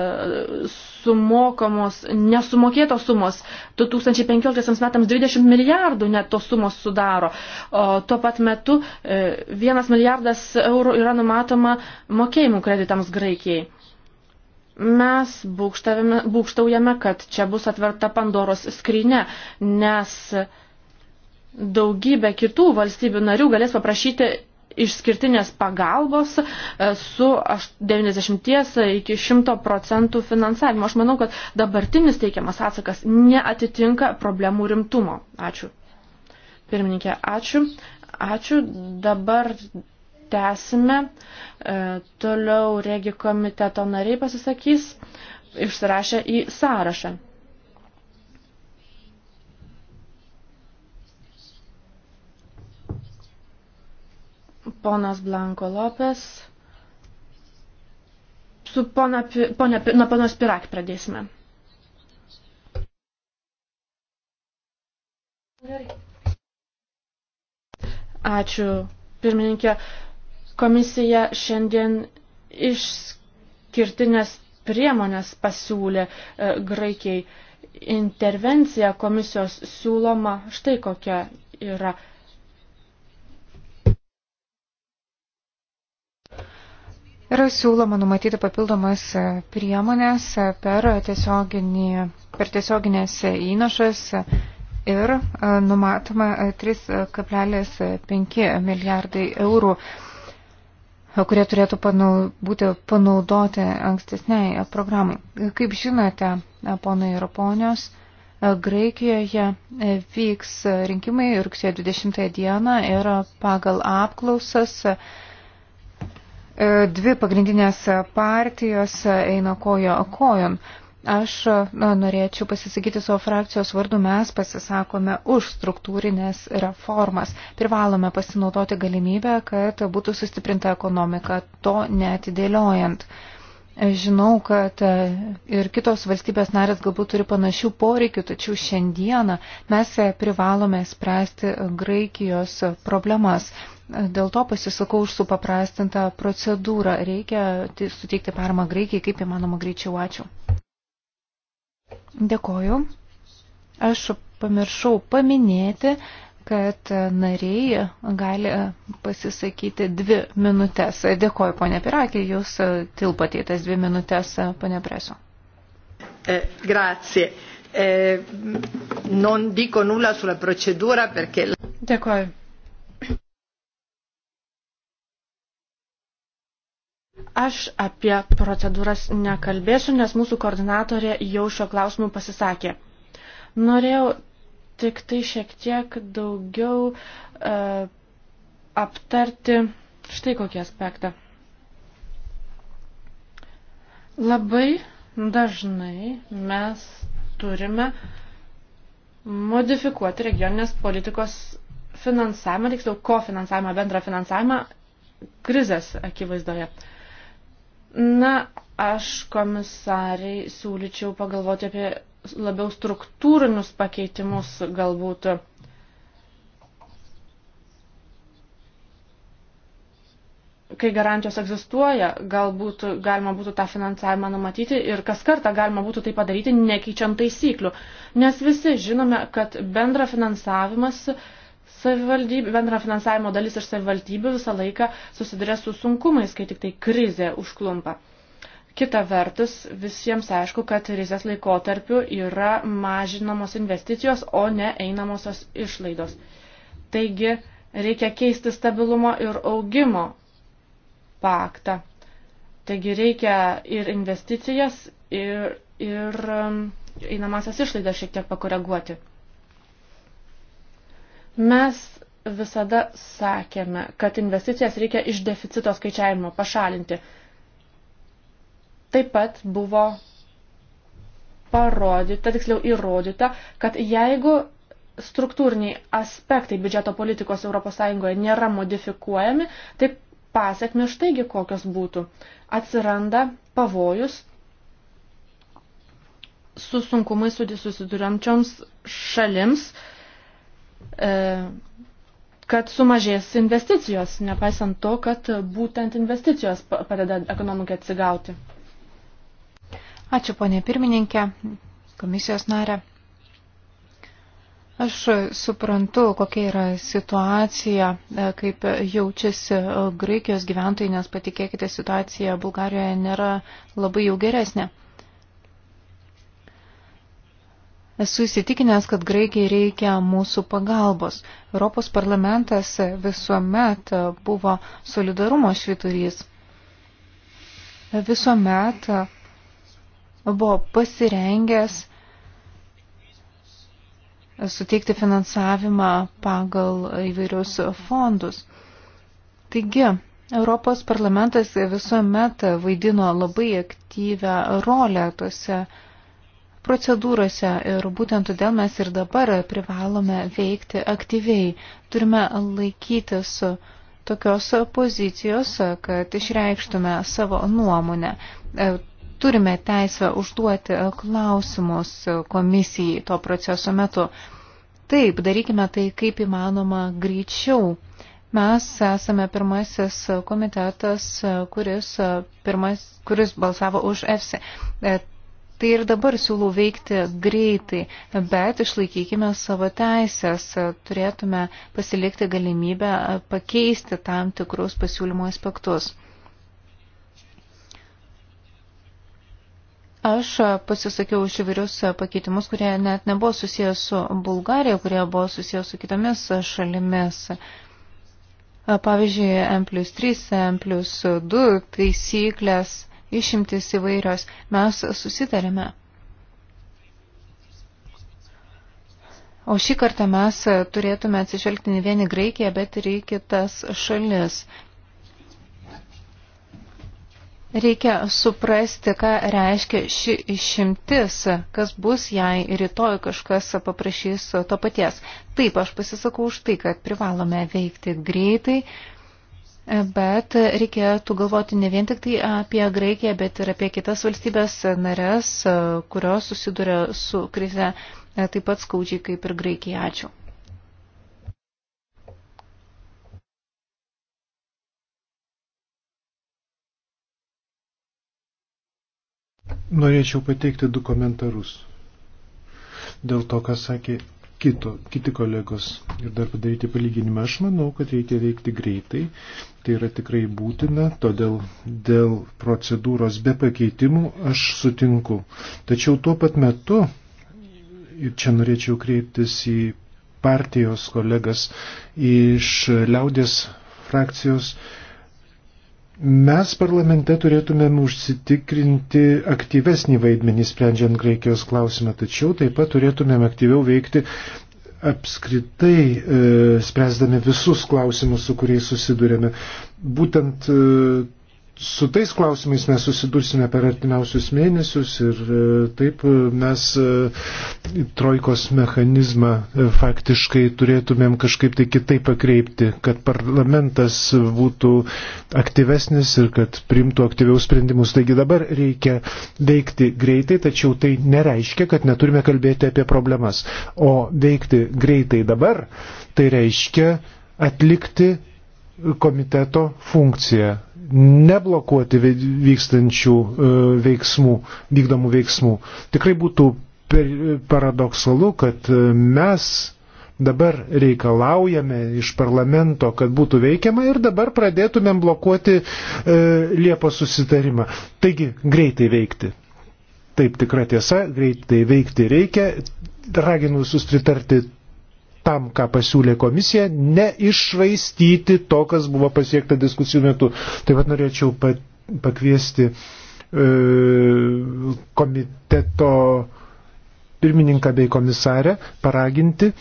sumokamos nesumokėtos sumos. 2015 metams 20 milijardų net tos sumos sudaro. O tuo pat metu 1 e, milijardas eurų yra numatoma mokėjimų kreditams Graikijai. Mes būkštaujame, kad čia bus atverta Pandoros skrinė, nes daugybė kitų valstybių narių galės paprašyti išskirtinės pagalbos e, su 90 iki 100 procentų finansavimo. Aš manau, kad dabartinis teikiamas atsakas neatitinka problemų rimtumo. Ačiū. Pirmininkė, ačiū. Ačiū. Dabar tęsime. E, toliau regi komiteto nariai pasisakys. Išsirašę į sąrašą. Ponas Blanko Lopes. Su pona, ponia, nuo ponos Pirak pradėsime. Ačiū, pirmininkė. Komisija šiandien išskirtinės priemonės pasiūlė e, Graikijai. Intervencija komisijos siūloma štai kokia yra Yra siūloma numatyti papildomas e, priemonės e, per, tiesioginį, per tiesioginės įnašas ir e, numatoma 3,5 milijardai eurų, kurie turėtų panau, būti panaudoti ankstesniai programai. Kaip žinote, ponai ir ponios, Graikijoje vyks rinkimai rugsėjo 20 dieną ir pagal apklausas E, dvi pagrindinės partijos eina kojo kojon. Aš na, norėčiau pasisakyti savo frakcijos vardu, mes pasisakome už struktūrinės reformas. Privalome pasinaudoti galimybę, kad būtų sustiprinta ekonomika, to netidėliojant. Žinau, kad ir kitos valstybės narės galbūt turi panašių poreikių, tačiau šiandieną mes privalome spręsti Graikijos problemas. Dėl to pasisakau už supaprastintą procedūrą. Reikia suteikti paramą Graikijai kaip įmanoma greičiau. Ačiū. Dėkoju. Aš pamiršau paminėti, kad nariai gali pasisakyti dvi minutės. Dėkoju, ponė Pirakė, jūs tilpatė tas dvi minutės, ponė Preso. E, grazie. E, non dico nulla sulla procedura perché... Dėkoju. Aš apie procedūras nekalbėsiu, nes mūsų koordinatorė jau šio klausimu pasisakė. Norėjau tik tai šiek tiek daugiau uh, aptarti štai kokį aspektą. Labai dažnai mes turime modifikuoti regioninės politikos finansavimą, tiksliau kofinansavimą, bendrą finansavimą krizės akivaizdoje. Uh, Na, aš komisariai siūlyčiau pagalvoti apie labiau struktūrinius pakeitimus galbūt. Kai garantijos egzistuoja, galbūt galima būtų tą finansavimą numatyti ir kas kartą galima būtų tai padaryti nekeičiant taisyklių. Nes visi žinome, kad bendra finansavimas uh, bendra finansavimo dalis iš savivaldybių visą laiką susiduria su sunkumais, kai tik tai krizė užklumpa. Kita vertus, visiems aišku, kad krizės laikotarpiu yra mažinamos investicijos, o ne einamosios išlaidos. Taigi reikia keisti stabilumo ir augimo paktą. Taigi reikia ir investicijas, ir, ir um, einamasias išlaidas šiek tiek pakoreguoti. Mes visada sakėme, kad investicijas reikia iš deficito skaičiavimo pašalinti. Taip pat buvo parodyta, tiksliau įrodyta, kad jeigu struktūriniai aspektai biudžeto politikos ES nėra modifikuojami, tai pasiekmi štaigi kokios būtų. Atsiranda pavojus su sunkumai susiduriančioms šalims, E, kad sumažės investicijos, nepaisant to, kad būtent investicijos padeda ekonomikai atsigauti. Ačiū, ponė pirmininkė, komisijos narė. Aš suprantu, kokia yra situacija, e, kaip jaučiasi e, Graikijos gyventojai, nes patikėkite, situacija Bulgarijoje nėra labai jau geresnė. Esu įsitikinęs, kad Graikijai reikia mūsų pagalbos. Europos parlamentas visuomet buvo solidarumo šviturys. Visuomet buvo pasirengęs suteikti finansavimą pagal įvairius fondus. Taigi, Europos parlamentas visuomet vaidino labai aktyvę rolę tose procedūrose ir būtent todėl mes ir dabar privalome veikti aktyviai. Turime laikytis tokios pozicijos, kad išreikštume savo nuomonę. E, turime teisę užduoti klausimus komisijai to proceso metu. Taip, darykime tai kaip įmanoma greičiau. Mes esame pirmasis komitetas, kuris, pirmas, kuris balsavo už EFSI. Tai ir dabar siūlau veikti greitai, bet išlaikykime savo teisės, turėtume pasilikti galimybę pakeisti tam tikrus pasiūlymo aspektus. Aš pasisakiau už įvairius pakeitimus, kurie net nebuvo susijęs su Bulgarija, kurie buvo susijęs su kitomis šalimis. Pavyzdžiui, M plus 3, M plus 2 taisyklės išimtis įvairios. Mes susitarėme. O šį kartą mes turėtume atsižvelgti ne vieni Graikiją, bet ir į kitas šalis. Reikia suprasti, ką reiškia ši išimtis, kas bus, jei rytoj kažkas paprašys to paties. Taip, aš pasisakau už tai, kad privalome veikti greitai, Bet reikėtų galvoti ne vien tik tai apie Graikiją, bet ir apie kitas valstybės narės, kurios susiduria su krize taip pat skaudžiai kaip ir Graikija. Ačiū. Norėčiau pateikti du komentarus dėl to, ką sakė kito, kiti kolegos ir dar padaryti palyginimą. Aš manau, kad reikia veikti greitai, tai yra tikrai būtina, todėl dėl procedūros be pakeitimų aš sutinku. Tačiau tuo pat metu, ir čia norėčiau kreiptis į partijos kolegas iš liaudės frakcijos, Mes parlamente turėtumėm užsitikrinti aktyvesnį vaidmenį sprendžiant Graikijos klausimą, tačiau taip pat turėtumėm aktyviau veikti apskritai e, spręsdami visus klausimus, su kuriais susidurėme. Būtent e, su tais klausimais mes susidursime per artimiausius mėnesius ir e, taip e, mes e, trojkos mechanizmą faktiškai turėtumėm kažkaip tai kitaip pakreipti, kad parlamentas būtų aktyvesnis ir kad primtų aktyviaus sprendimus. Taigi dabar reikia veikti greitai, tačiau tai nereiškia, kad neturime kalbėti apie problemas. O veikti greitai dabar tai reiškia atlikti komiteto funkciją neblokuoti vykstančių e, veiksmų, vykdomų veiksmų. Tikrai būtų paradoksalu, kad e, mes dabar reikalaujame iš parlamento, kad būtų veikiama ir dabar pradėtumėm blokuoti e, Liepos susitarimą. Taigi greitai veikti. Taip tikra tiesa, greitai veikti reikia. Raginu visus pritarti tam, ką pasiūlė komisija, neišraistyti to, kas buvo pasiekta diskusijų metu. Taip pat norėčiau pakviesti e, komiteto pirmininką bei komisarę, paraginti e,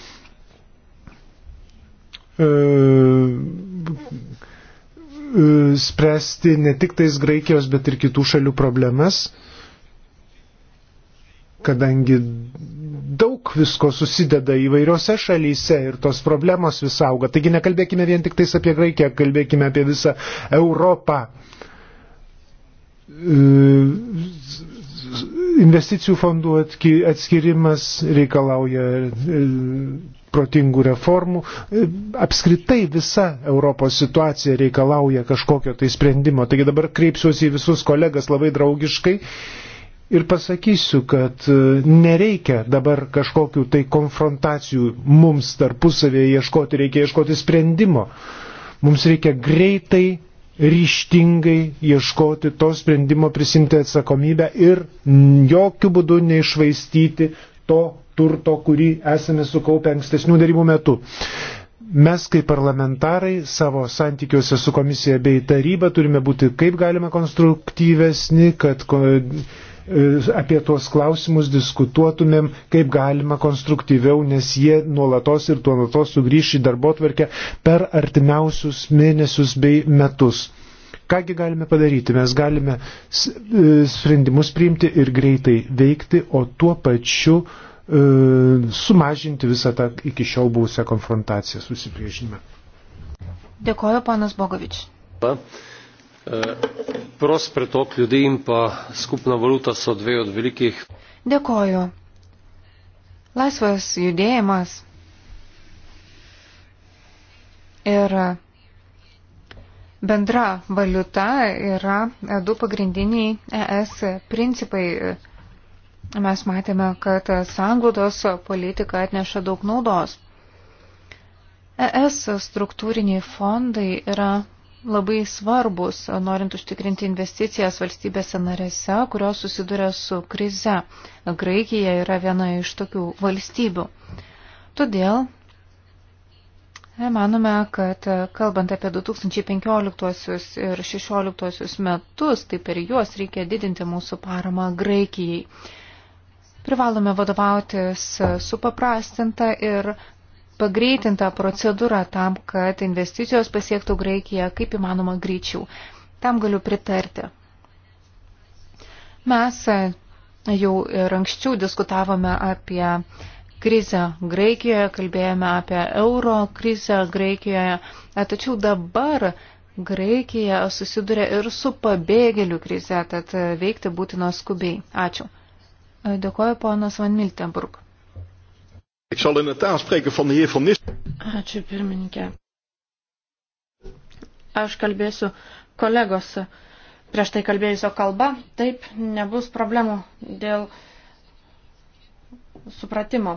e, spręsti ne tik tais Graikijos, bet ir kitų šalių problemas, kadangi daug visko susideda įvairiose šalyse ir tos problemos vis auga. Taigi nekalbėkime vien tik tais apie Graikiją, kalbėkime apie visą Europą. Investicijų fondų atskirimas reikalauja protingų reformų. Apskritai visa Europos situacija reikalauja kažkokio tai sprendimo. Taigi dabar kreipsiuosi į visus kolegas labai draugiškai ir pasakysiu, kad e, nereikia dabar kažkokių tai konfrontacijų mums tarpusavėje ieškoti, reikia ieškoti sprendimo. Mums reikia greitai, ryštingai ieškoti to sprendimo, prisimti atsakomybę ir jokių būdų neišvaistyti to turto, kurį esame sukaupę ankstesnių darybų metu mes kaip parlamentarai savo santykiuose su komisija bei taryba turime būti kaip galima konstruktyvesni, kad E, apie tuos klausimus diskutuotumėm, kaip galima konstruktyviau, nes jie nuolatos ir tuolatos sugrįš į darbo tvarkę per artimiausius mėnesius bei metus. Kągi galime padaryti? Mes galime e, sprendimus priimti ir greitai veikti, o tuo pačiu e, sumažinti visą tą iki šiol buvusią konfrontaciją, susipriešinimą. Dėkoju, panas Bogovič. Pa. Prost pretok ljudi in pa skupna valuta so dve od velikih. Dėkoju. Laisvas judėjimas ir bendra valiuta yra du pagrindiniai ES principai. Mes matėme, kad sanglaudos politika atneša daug naudos. ES struktūriniai fondai yra labai svarbus, norint užtikrinti investicijas valstybėse narėse, kurios susiduria su krize. Graikija yra viena iš tokių valstybių. Todėl e, manome, kad e, kalbant apie 2015 ir 2016 metus, tai per juos reikia didinti mūsų paramą Graikijai. Privalome vadovautis e, supaprastinta ir pagreitinta procedūra tam, kad investicijos pasiektų Graikiją kaip įmanoma greičiau. Tam galiu pritarti. Mes jau ir anksčiau diskutavome apie krizę Graikijoje, kalbėjome apie euro krizę Graikijoje, tačiau dabar Graikija susiduria ir su pabėgėlių krize, tad veikti būtina skubiai. Ačiū. Dėkoju ponas Van Miltenburg. Ik zal in het aanspreken van de heer Van Nistelrooy. Ačiū pirmininkė. Aš kalbėsiu kolegos prieš tai kalbėjusio kalba. Taip, nebus problemų dėl supratimo.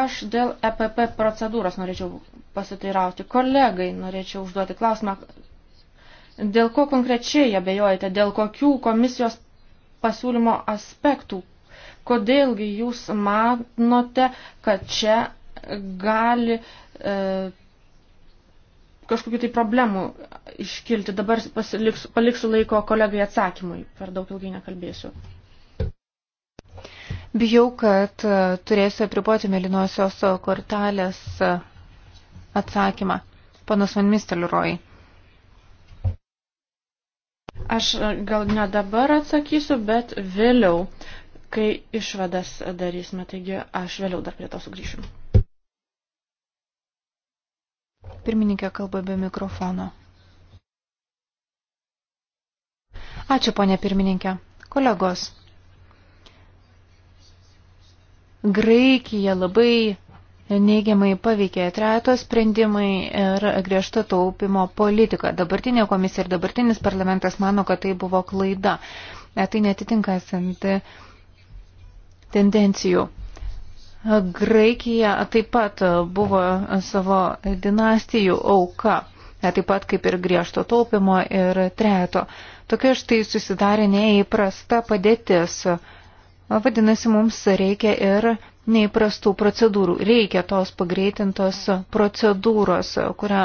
Aš dėl EPP procedūros norėčiau pasiteirauti. Kolegai norėčiau užduoti klausimą, dėl ko konkrečiai abejojate, dėl kokių komisijos pasiūlymo aspektų, Kodėlgi jūs manote, kad čia gali e, kažkokiu tai problemų iškilti. Dabar pasiliksiu, paliksiu laiko kolegai atsakymui, per daug ilgai nekalbėsiu. Bijau, kad e, turėsiu apriboti melinosios kortelės e, atsakymą. Panas Van Mistelroj. Aš gal ne dabar atsakysiu, bet vėliau kai išvadas darysime. Taigi aš vėliau dar prie to sugrįšiu. Pirmininkė kalba be mikrofono. Ačiū, ponė pirmininkė. Kolegos. Graikija labai neigiamai paveikė trejato sprendimai ir griežta taupimo politika. Dabartinė komisija ir dabartinis parlamentas mano, kad tai buvo klaida. Tai netitinka esanti tendencijų. Graikija taip pat buvo savo dinastijų auka, e, taip pat kaip ir griežto taupimo ir treto. Tokia štai susidarė neįprasta padėtis. Vadinasi, mums reikia ir neįprastų procedūrų. Reikia tos pagreitintos procedūros, kurią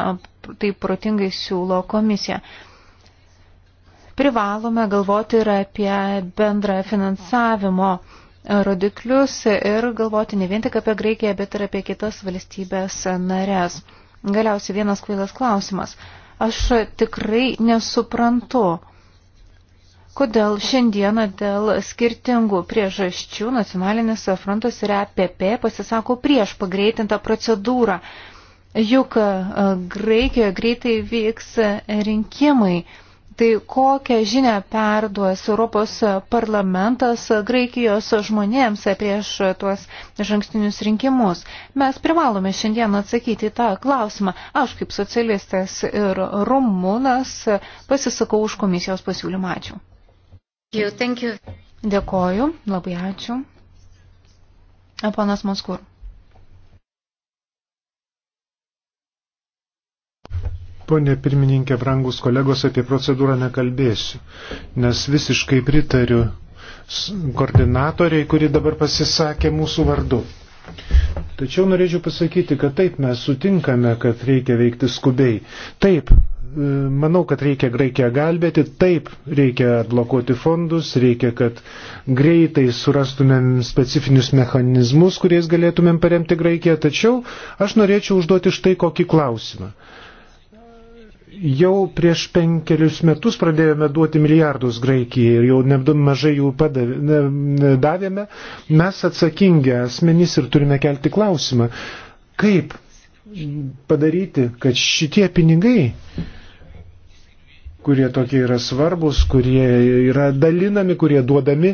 taip protingai siūlo komisija. Privalome galvoti ir apie bendrą finansavimo rodiklius ir galvoti ne vien tik apie Graikiją, bet ir apie kitas valstybės narės. Galiausiai vienas kvailas klausimas. Aš tikrai nesuprantu, kodėl šiandieną dėl skirtingų priežasčių nacionalinis frontas ir APP pasisako prieš pagreitintą procedūrą. Juk e, Graikijoje greitai vyks rinkimai Tai kokią žinę perduos Europos parlamentas Graikijos žmonėms prieš tuos žangstinius rinkimus? Mes privalome šiandien atsakyti tą klausimą. Aš kaip socialistas ir rumūnas pasisakau už komisijos pasiūlymą. Ačiū. Thank you. Thank you. Dėkoju, labai ačiū. Ponas Moskur. Pone pirmininkė, brangus kolegos, apie procedūrą nekalbėsiu, nes visiškai pritariu koordinatoriai, kuri dabar pasisakė mūsų vardu. Tačiau norėčiau pasakyti, kad taip mes sutinkame, kad reikia veikti skubiai. Taip, e, manau, kad reikia Graikiją galbėti, taip, reikia atblokuoti fondus, reikia, kad greitai surastumėm specifinius mechanizmus, kuriais galėtumėm paremti Graikiją. Tačiau aš norėčiau užduoti štai kokį klausimą. Jau prieš penkerius metus pradėjome duoti milijardus Graikijai ir jau nemažai jų padavė, ne, ne, davėme. Mes atsakingi asmenys ir turime kelti klausimą, kaip padaryti, kad šitie pinigai kurie tokie yra svarbus, kurie yra dalinami, kurie duodami,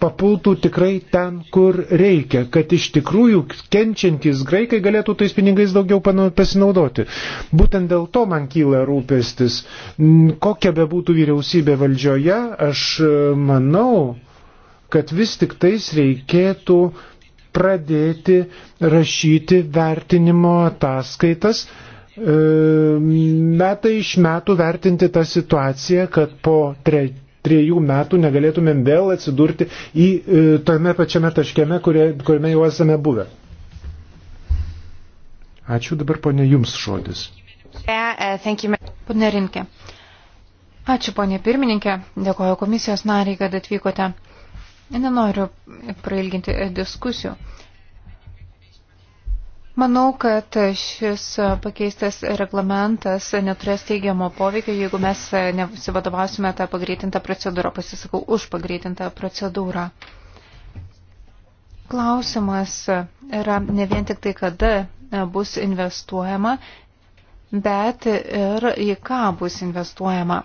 papultų tikrai ten, kur reikia, kad iš tikrųjų kenčiantys graikai galėtų tais pinigais daugiau pasinaudoti. Būtent dėl to man kyla rūpestis. Kokia be būtų vyriausybė valdžioje, aš e, manau, kad vis tik tais reikėtų pradėti rašyti vertinimo ataskaitas, e, metai iš metų vertinti tą situaciją, kad po trečią trejų metų negalėtumėm vėl atsidurti į e, tame pačiame taškėme, kurie, kuriame jau esame buvę. Ačiū dabar ponė Jums žodis. Uh, Pane Rinkė. Ačiū ponė pirmininkė, dėkoju komisijos nariai, kad atvykote. Nenoriu prailginti e, diskusijų. Manau, kad šis pakeistas reglamentas neturės teigiamo poveikio, jeigu mes nesivadovausime tą pagreitintą procedūrą. Pasisakau už pagreitintą procedūrą. Klausimas yra ne vien tik tai, kada bus investuojama, bet ir į ką bus investuojama.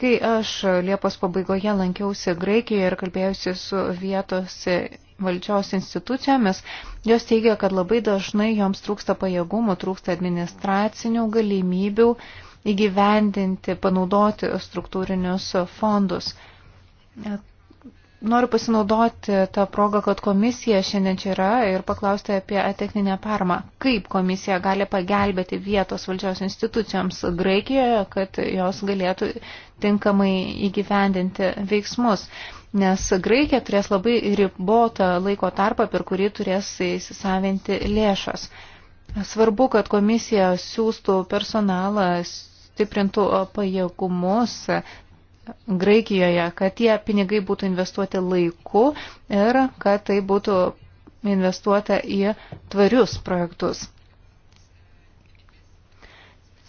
Kai aš Liepos pabaigoje lankiausi Graikijoje ir kalbėjausi su vietos valdžios institucijomis, jos teigia, kad labai dažnai joms trūksta pajėgumų, trūksta administracinių galimybių įgyvendinti, panaudoti struktūrinius fondus. Noriu pasinaudoti tą progą, kad komisija šiandien čia yra ir paklausti apie techninę paramą. Kaip komisija gali pagelbėti vietos valdžios institucijoms Graikijoje, kad jos galėtų tinkamai įgyvendinti veiksmus nes Graikija turės labai ribotą laiko tarpą, per kurį turės įsisavinti lėšas. Svarbu, kad komisija siūstų personalą, stiprintų pajėgumus Graikijoje, kad tie pinigai būtų investuoti laiku ir kad tai būtų investuota į tvarius projektus.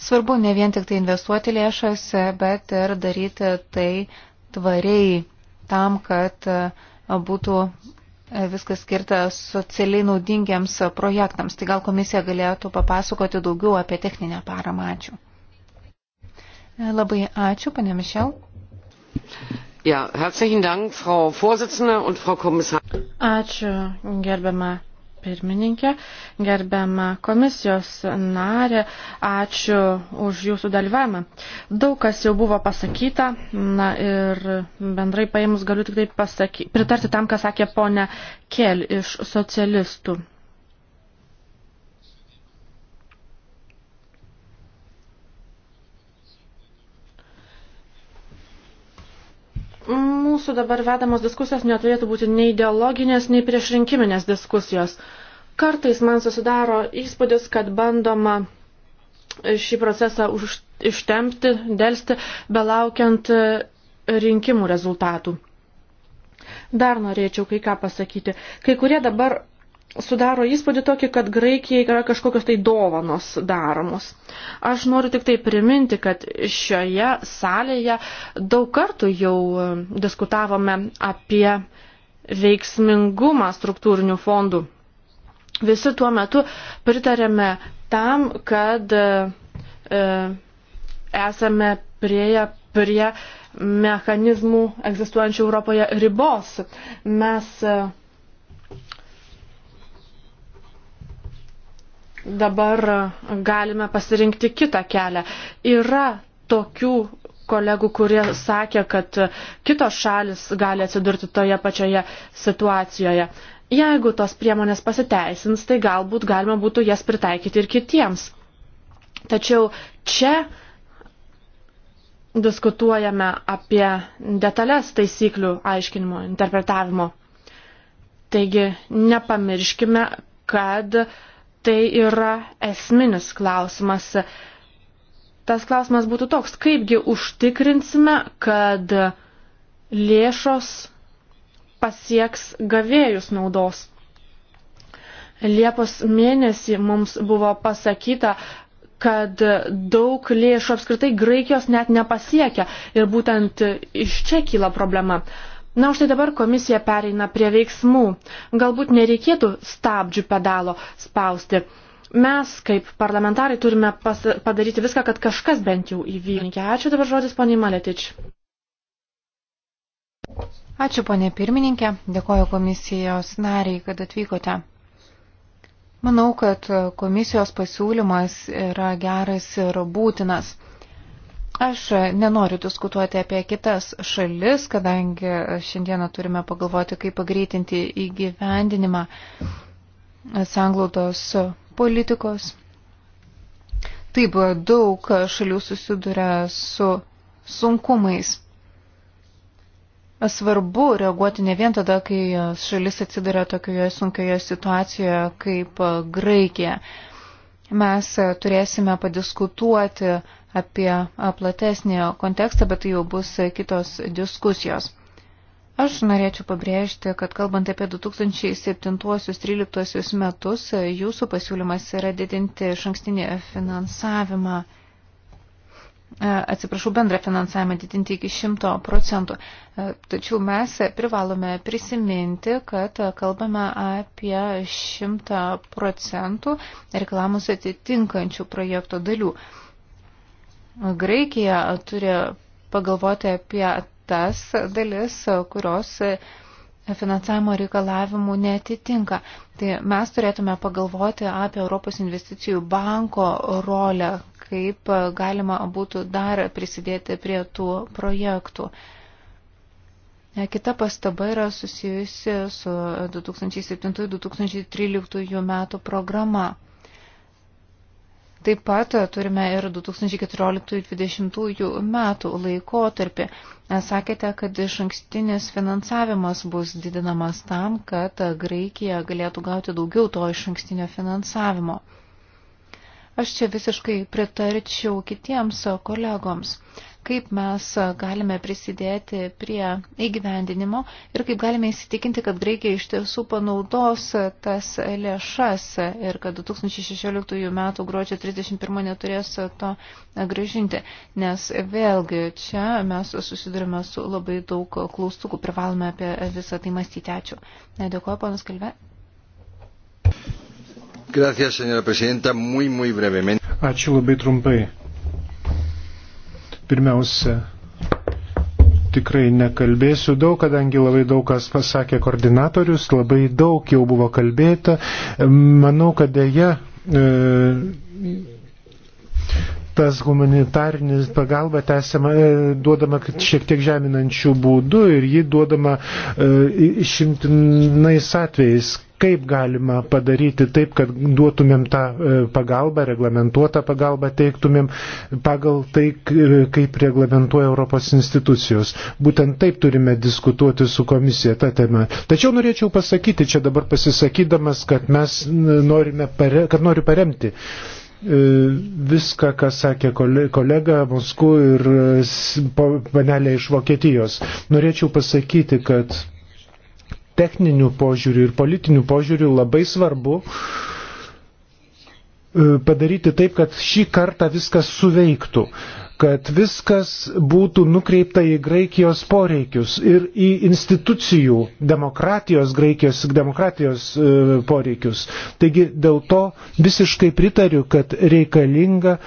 Svarbu ne vien tik tai investuoti lėšas, bet ir daryti tai tvariai tam, kad e, būtų e, viskas skirta socialiai naudingiams projektams. Tai gal komisija galėtų papasakoti daugiau apie techninę paramą. Ačiū. E, labai ačiū, pane Mišel. Ja, herzlichen Dank, Frau Vorsitzende und Frau Kommissarin. Ačiū, gerbiama pirmininkė, gerbiama komisijos narė, ačiū už jūsų dalyvavimą. Daug kas jau buvo pasakyta, na ir bendrai paėmus galiu tik tai pasaky, pritarti tam, ką sakė ponia Kel iš socialistų Mūsų dabar vedamos diskusijos neturėtų būti nei ideologinės, nei priešrinkiminės diskusijos. Kartais man susidaro įspūdis, kad bandoma šį procesą už, ištempti, dėlsti, belaukiant e, rinkimų rezultatų. Dar norėčiau kai ką pasakyti. Kai kurie dabar sudaro įspūdį tokį, kad Graikijai yra kažkokios tai dovanos daromos. Aš noriu tik tai priminti, kad šioje salėje daug kartų jau e, diskutavome apie veiksmingumą struktūrinių fondų. Visi tuo metu pritarėme tam, kad e, e esame prieje prie mechanizmų egzistuojančių Europoje ribos. Mes e, dabar galime pasirinkti kitą kelią. Yra tokių kolegų, kurie sakė, kad kitos šalis gali atsidurti toje pačioje situacijoje. Jeigu tos priemonės pasiteisins, tai galbūt galima būtų jas pritaikyti ir kitiems. Tačiau čia diskutuojame apie detalės taisyklių aiškinimo, interpretavimo. Taigi nepamirškime, kad uh, Tai yra esminis klausimas. Tas klausimas būtų toks, kaipgi užtikrinsime, kad lėšos pasieks gavėjus naudos. Liepos mėnesį mums buvo pasakyta, kad daug lėšų apskritai Graikijos net nepasiekia ir būtent iš čia kyla problema. Na, štai dabar komisija pereina prie veiksmų. Galbūt nereikėtų stabdžių pedalo spausti. Mes, kaip parlamentarai, turime pas, padaryti viską, kad kažkas bent jau įvyktų. Ačiū dabar žodis, poniai Maletič. Ačiū, ponė pirmininkė. Dėkoju komisijos nariai, kad atvykote. Manau, kad komisijos pasiūlymas yra geras ir būtinas. Aš nenoriu diskutuoti apie kitas šalis, kadangi šiandieną turime pagalvoti, kaip pagreitinti įgyvendinimą sanglaudos politikos. Taip, daug šalių susiduria su sunkumais. Svarbu reaguoti ne vien tada, kai šalis atsiduria tokioje sunkioje situacijoje kaip Graikija mes e, turėsime padiskutuoti apie e, platesnį kontekstą, bet tai jau bus e, kitos diskusijos. Aš norėčiau pabrėžti, kad kalbant apie 2007-2013 metus, jūsų pasiūlymas yra didinti šankstinį finansavimą. E, atsiprašau, bendrą finansavimą didinti iki 100 procentų. E, tačiau mes privalome prisiminti, kad kalbame apie 100 procentų reklamus atitinkančių projekto dalių. Graikija turi pagalvoti apie tas dalis, kurios finansavimo reikalavimų netitinka. Tai mes turėtume pagalvoti apie Europos investicijų banko rolę, kaip galima būtų dar prisidėti prie tų projektų. E, kita pastaba yra susijusi su 2007-2013 metų programa. Taip pat turime ir 2014-2020 metų laikotarpį. Sakėte, kad iš ankstinis finansavimas bus didinamas tam, kad Graikija galėtų gauti daugiau to iš ankstinio finansavimo. Aš čia visiškai pritarčiau kitiems kolegoms, kaip mes galime prisidėti prie įgyvendinimo ir kaip galime įsitikinti, kad Graikija iš tiesų panaudos tas lėšas ir kad 2016 m. gruodžio 31 neturės to gražinti, nes vėlgi čia mes susidurime su labai daug klaustukų, privalome apie visą tai mąstyti. Ačiū. Dėkuoju, ponas Kalve. Gracias, señora prezidenta. Muy, muy brevemente. Ačiū labai trumpai. Pirmiausia, tikrai nekalbėsiu daug, kadangi labai daug kas pasakė koordinatorius, labai daug jau buvo kalbėta. Manau, kad dėja. E, tas humanitarinis pagalba tęsiama, e, duodama šiek tiek žeminančių būdų ir ji duodama e, išimtinais atvejais, kaip galima padaryti taip, kad duotumėm tą e, pagalbą, reglamentuotą pagalbą teiktumėm pagal tai, kaip reglamentuoja Europos institucijos. Būtent taip turime diskutuoti su komisija tą temą. Tačiau norėčiau pasakyti, čia dabar pasisakydamas, kad mes norime, pare, kad noriu paremti e, viską, ką sakė kolega Moskų ir panelė iš Vokietijos. Norėčiau pasakyti, kad techninių požiūrių ir politinių požiūrių labai svarbu e, padaryti taip, kad šį kartą viskas suveiktų, kad viskas būtų nukreipta į Graikijos poreikius ir į institucijų demokratijos, Graikijos demokratijos e, poreikius. Taigi dėl to visiškai pritariu, kad reikalinga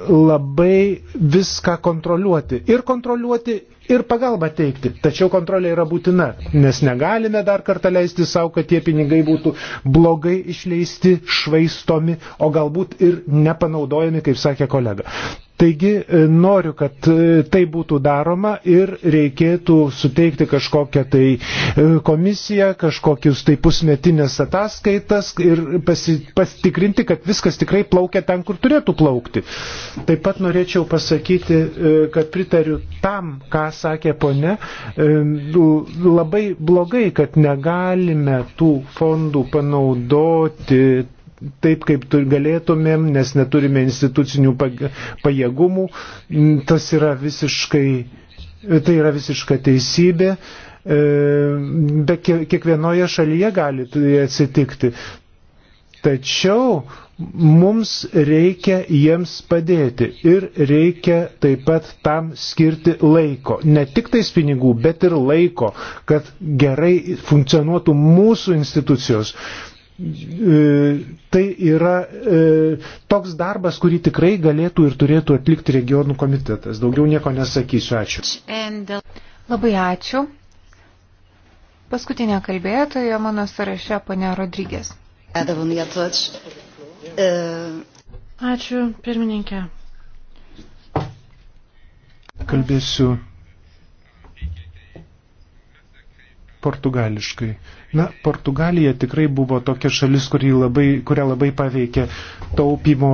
labai viską kontroliuoti. Ir kontroliuoti, ir pagalbą teikti. Tačiau kontrolė yra būtina, nes negalime dar kartą leisti savo, kad tie pinigai būtų blogai išleisti, švaistomi, o galbūt ir nepanaudojami, kaip sakė kolega. Taigi e, noriu, kad e, tai būtų daroma ir reikėtų suteikti kažkokią tai e, komisiją, kažkokius tai pusmetinės ataskaitas ir pasitikrinti, kad viskas tikrai plaukia ten, kur turėtų plaukti. Taip pat norėčiau pasakyti, kad pritariu tam, ką sakė ponė, labai blogai, kad negalime tų fondų panaudoti taip, kaip galėtumėm, nes neturime institucinių pajėgumų. Tas yra visiškai, tai yra visiška teisybė. E, be kiekvienoje šalyje gali tai atsitikti. Tačiau mums reikia jiems padėti ir reikia taip pat tam skirti laiko. Ne tik tais pinigų, bet ir laiko, kad gerai funkcionuotų mūsų institucijos. E, tai yra e, toks darbas, kurį tikrai galėtų ir turėtų atlikti regionų komitetas. Daugiau nieko nesakysiu. Ačiū. Uh, labai ačiū. Paskutinė kalbėtoja mano sąraše, ponė Rodrygės. Ačiū, pirmininkė. Kalbėsiu portugališkai. Na, Portugalija tikrai buvo tokia šalis, labai, kurią labai paveikė taupimo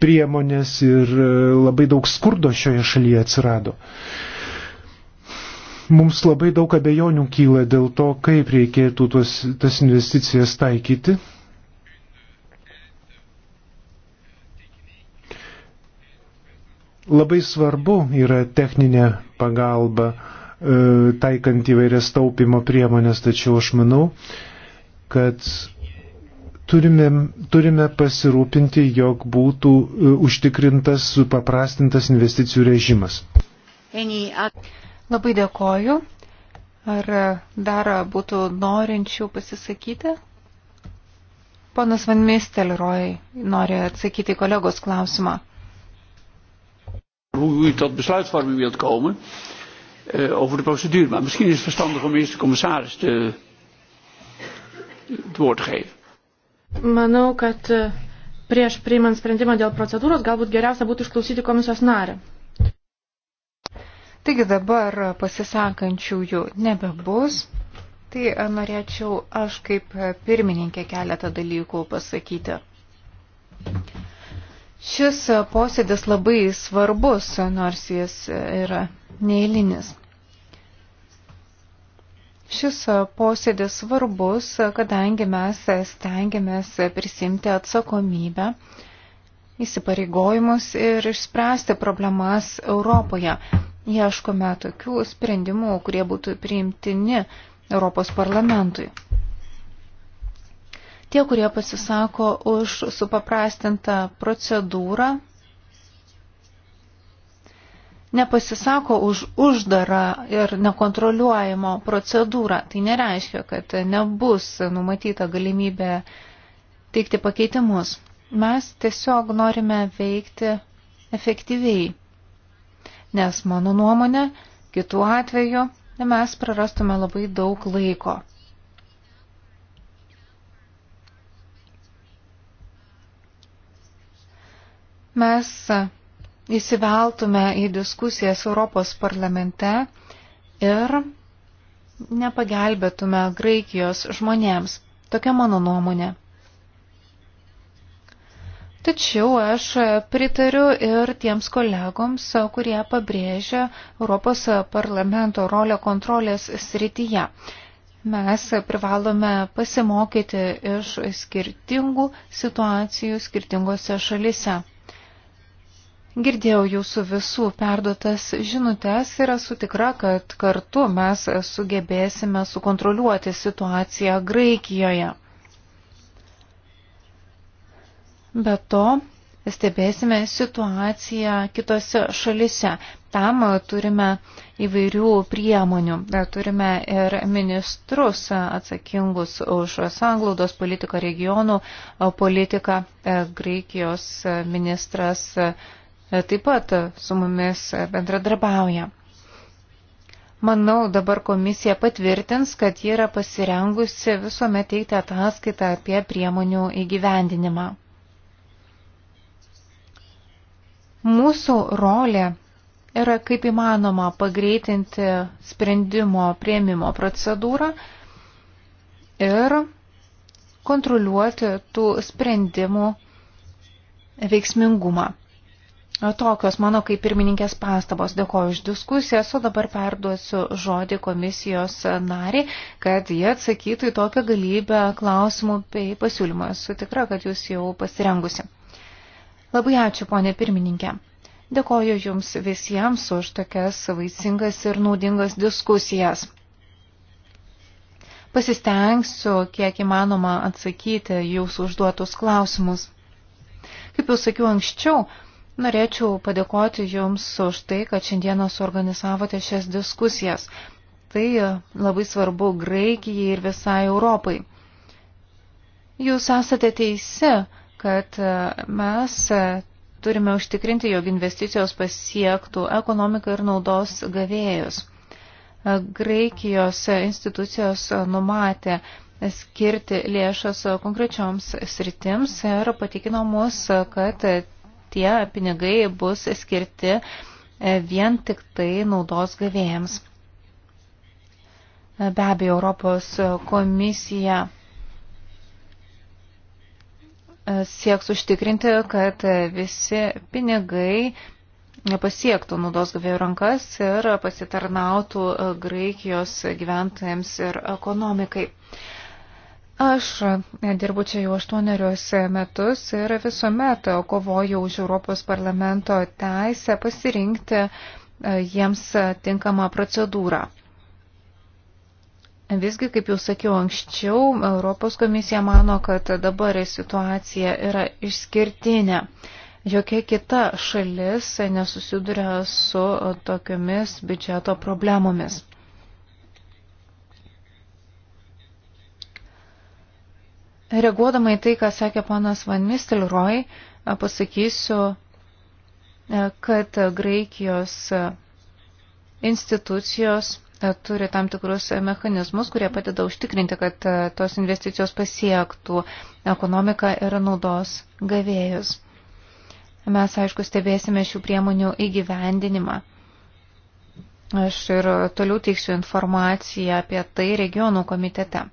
priemonės ir e, labai daug skurdo šioje šalyje atsirado. Mums labai daug abejonių kyla dėl to, kaip reikėtų tuos, tas investicijas taikyti. Labai svarbu yra techninė pagalba E, taikant įvairias taupimo priemonės, tačiau aš manau, kad turime, turime pasirūpinti, jog būtų e, užtikrintas supaprastintas investicijų režimas. Labai dėkoju. Ar dar būtų norinčių pasisakyti? Ponas Van Mistelroj nori atsakyti kolegos klausimą. Hoe u tot besluitvorming wilt komen. Uh, uh, over de procedure. Maar misschien is het verstandig om eerst de commissaris te, het woord te geven. Manau, kad eh, prieš priimant sprendimą dėl procedūros galbūt geriausia būtų išklausyti komisijos narį. Taigi dabar pasisakančiųjų nebebus. Tai eh, norėčiau aš kaip pirmininkė keletą dalykų pasakyti. Šis posėdis labai svarbus, nors jis yra neįlinis. Šis posėdis svarbus, kadangi mes stengiamės prisimti atsakomybę, įsipareigojimus ir išspręsti problemas Europoje. Ieškome tokių sprendimų, kurie būtų priimtini Europos parlamentui. Tie, kurie pasisako už supaprastintą procedūrą, nepasisako už uždarą ir nekontroliuojamo procedūrą. Tai nereiškia, kad nebus numatyta galimybė teikti pakeitimus. Mes tiesiog norime veikti efektyviai, nes mano nuomonė, kitų atveju mes prarastume labai daug laiko. Mes įsiveltume į diskusijas Europos parlamente ir nepagelbėtume Graikijos žmonėms. Tokia mano nuomonė. Tačiau aš pritariu ir tiems kolegoms, kurie pabrėžia Europos parlamento rolę kontrolės srityje. Mes privalome pasimokyti iš skirtingų situacijų skirtingose šalise. Girdėjau jūsų visų perduotas žinutės ir esu tikra, kad kartu mes sugebėsime sukontroliuoti situaciją Graikijoje. Be to, stebėsime situaciją kitose šalise. Tam turime įvairių priemonių. Turime ir ministrus atsakingus už sanglaudos politiką, regionų politiką. Graikijos ministras E, taip pat su mumis bendradarbiauja. Manau, dabar komisija patvirtins, kad ji yra pasirengusi visuomet teikti ataskaitą apie priemonių įgyvendinimą. Mūsų rolė yra kaip įmanoma pagreitinti sprendimo prieimimo procedūrą ir kontroliuoti tų sprendimų veiksmingumą. Tokios mano kaip pirmininkės pastabos. Dėkoju už diskusijas, o dabar perduosiu žodį komisijos nariai, kad jie atsakytų į tokią galybę klausimų bei pasiūlymų. Esu tikra, kad jūs jau pasirengusi. Labai ačiū, ponė pirmininkė. Dėkoju Jums visiems už tokias vaisingas ir naudingas diskusijas. Pasistengsiu, kiek įmanoma, atsakyti Jūsų užduotus klausimus. Kaip jau sakiau anksčiau, Norėčiau padėkoti Jums už tai, kad šiandieną suorganizavote šias diskusijas. Tai labai svarbu Graikijai ir visai Europai. Jūs esate teisi, kad mes turime užtikrinti, jog investicijos pasiektų ekonomiką ir naudos gavėjus. Graikijos institucijos numatė skirti lėšas konkrečioms sritims ir patikino mus, kad tie pinigai bus skirti e, vien tik tai naudos gavėjams. E, be abejo, Europos komisija e, sieks užtikrinti, kad visi pinigai pasiektų naudos gavėjų rankas ir pasitarnautų Graikijos gyventojams ir ekonomikai. Aš dirbu čia jau aštuonerius metus ir visuomet kovojau už Europos parlamento teisę pasirinkti e, jiems tinkamą procedūrą. Visgi, kaip jau sakiau anksčiau, Europos komisija mano, kad dabar situacija yra išskirtinė. Jokia kita šalis nesusiduria su tokiomis biudžeto problemomis. Reaguodama į tai, ką sakė ponas Van Mistelroj, pasakysiu, kad Graikijos institucijos turi tam tikrus mechanizmus, kurie padeda užtikrinti, kad tos investicijos pasiektų ekonomiką ir naudos gavėjus. Mes, aišku, stebėsime šių priemonių įgyvendinimą. Aš ir toliau teiksiu informaciją apie tai regionų komitete.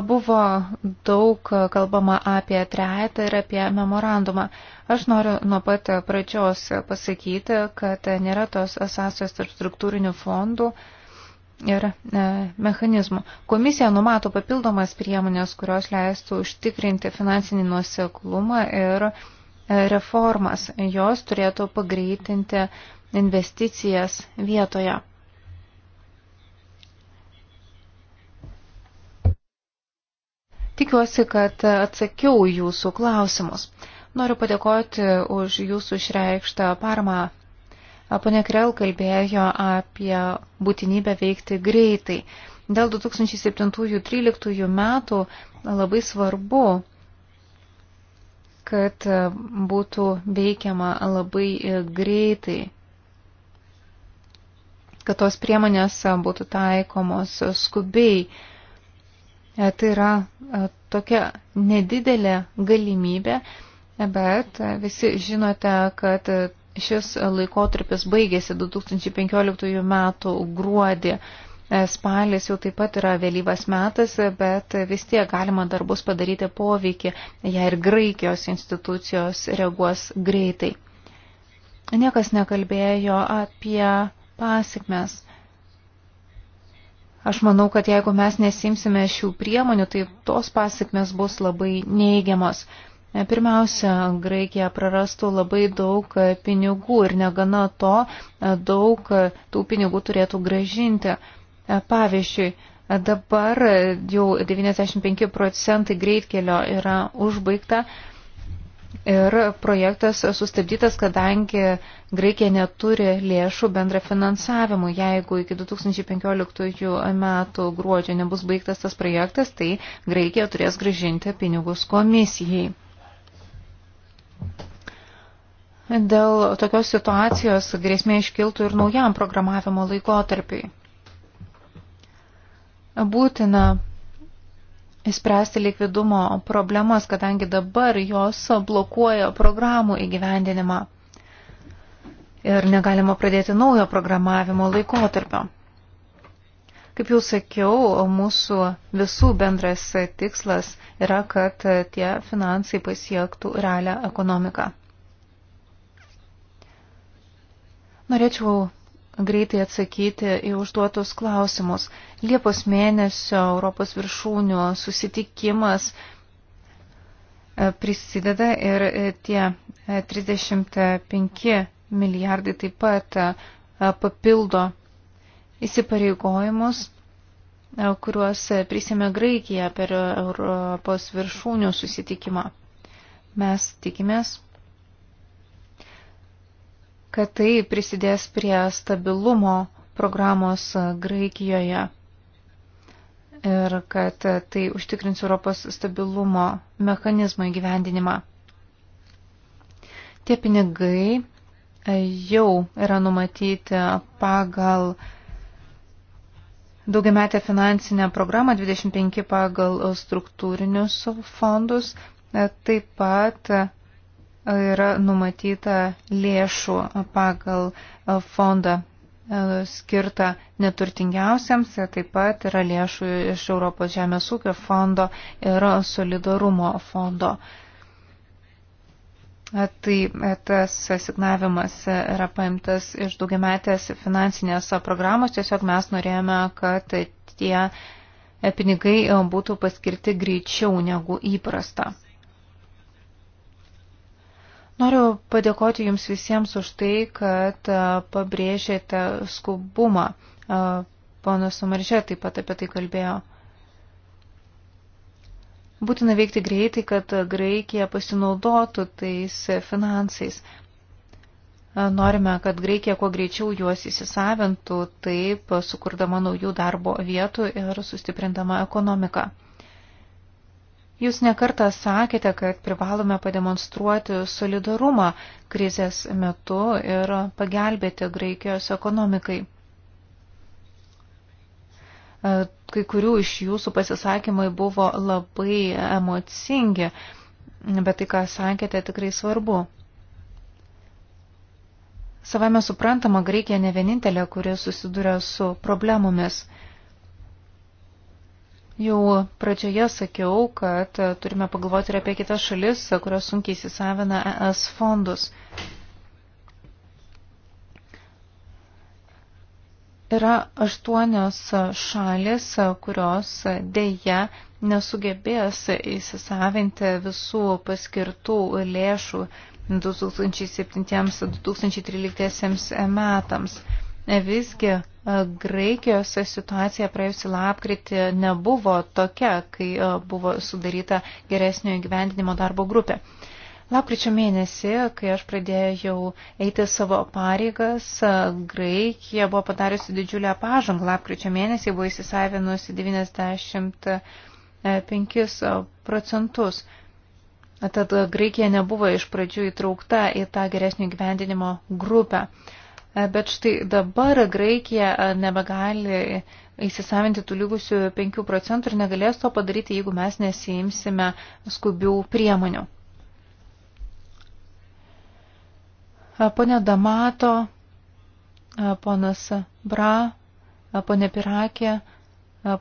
Buvo daug kalbama apie trejetą ir apie memorandumą. Aš noriu nuo pat pradžios pasakyti, kad nėra tos sąsajos tarp struktūrinių fondų ir e, mechanizmų. Komisija numato papildomas priemonės, kurios leistų užtikrinti finansinį nuoseklumą ir e, reformas. Jos turėtų pagreitinti investicijas vietoje. Tikiuosi, kad atsakiau jūsų klausimus. Noriu padėkoti už jūsų išreikštą paramą. Pone Krel kalbėjo apie būtinybę veikti greitai. Dėl 2007-2013 metų labai svarbu, kad būtų veikiama labai greitai, kad tos priemonės būtų taikomos skubiai E, tai yra e, tokia nedidelė galimybė, e, bet visi žinote, kad šis laikotarpis baigėsi 2015 metų gruodį. Spalis jau taip pat yra vėlyvas metas, bet vis tiek galima dar bus padaryti poveikį, jei ir Graikijos institucijos reaguos greitai. Niekas nekalbėjo apie pasiekmes. Aš manau, kad jeigu mes nesimsime šių priemonių, tai tos pasikmes bus labai neigiamos. Pirmiausia, Graikija prarastų labai daug pinigų ir negana to, daug tų pinigų turėtų gražinti. Pavyzdžiui, dabar jau 95 procentai greitkelio yra užbaigta Ir projektas sustabdytas, kadangi Graikija neturi lėšų bendra finansavimu. Jeigu iki 2015 metų gruodžio nebus baigtas tas projektas, tai Graikija turės gražinti pinigus komisijai. Dėl tokios situacijos grėsmė iškiltų ir naujam programavimo laikotarpiui. Būtina spręsti likvidumo problemas, kadangi dabar jos blokuoja programų įgyvendinimą ir negalima pradėti naujo programavimo laikotarpio. Kaip jau sakiau, mūsų visų bendras tikslas yra, kad tie finansai pasiektų realią ekonomiką. Norėčiau greitai atsakyti į užduotus klausimus. Liepos mėnesio Europos viršūnių susitikimas e, prisideda ir e, tie 35 e, milijardai taip pat papildo įsipareigojimus, kuriuos prisėmė Graikija per Europos viršūnių susitikimą. Mes tikimės, kad tai prisidės prie stabilumo programos Graikijoje ir kad tai užtikrins Europos stabilumo mechanizmo įgyvendinimą. Tie pinigai jau yra numatyti pagal daugiametę finansinę programą 25 pagal struktūrinius fondus, taip pat yra numatyta lėšų pagal e, fondą e, skirtą neturtingiausiams, e, taip pat yra lėšų iš Europos žemės ūkio fondo ir solidarumo fondo. Tai tas signavimas yra paimtas iš daugiametės finansinės programos, tiesiog mes norėjome, kad tie pinigai būtų paskirti greičiau negu įprasta. Noriu padėkoti Jums visiems už tai, kad pabrėžėte skubumą. Ponas Sumaržė taip pat apie tai kalbėjo. Būtina veikti greitai, kad Graikija pasinaudotų tais finansais. Norime, kad Graikija kuo greičiau juos įsisavintų, taip sukurdama naujų darbo vietų ir sustiprindama ekonomiką. Jūs nekartą sakėte, kad privalome pademonstruoti solidarumą krizės metu ir pagelbėti Graikijos ekonomikai. E, kai kurių iš jūsų pasisakymai buvo labai emocingi, bet tai, ką sakėte, tikrai svarbu. Savame suprantama, Graikija ne vienintelė, kuri susiduria su problemomis. Jau pradžioje sakiau, kad turime pagalvoti ir apie kitas šalis, kurios sunkiai įsisavina ES fondus. Yra aštuonios šalis, kurios dėja nesugebės įsisavinti visų paskirtų lėšų 2007-2013 metams. Visgi e, Graikijos situacija praėjusį lapkritį nebuvo tokia, kai e, buvo sudaryta geresnio įgyvendinimo darbo grupė. Lapkričio mėnesį, kai aš pradėjau eiti savo pareigas, e, Graikija buvo padariusi didžiulę pažangą. Lapkričio mėnesį buvo įsisavinusi 95 procentus. Tad Graikija nebuvo iš pradžių įtraukta į tą geresnio gyvendinimo grupę. E, bet štai dabar Graikija e, nebegali įsisavinti tų lygusių 5 procentų ir negalės to padaryti, jeigu mes nesijimsime skubių priemonių. E, pone Damato, ponas Bra, ponė Pirakė,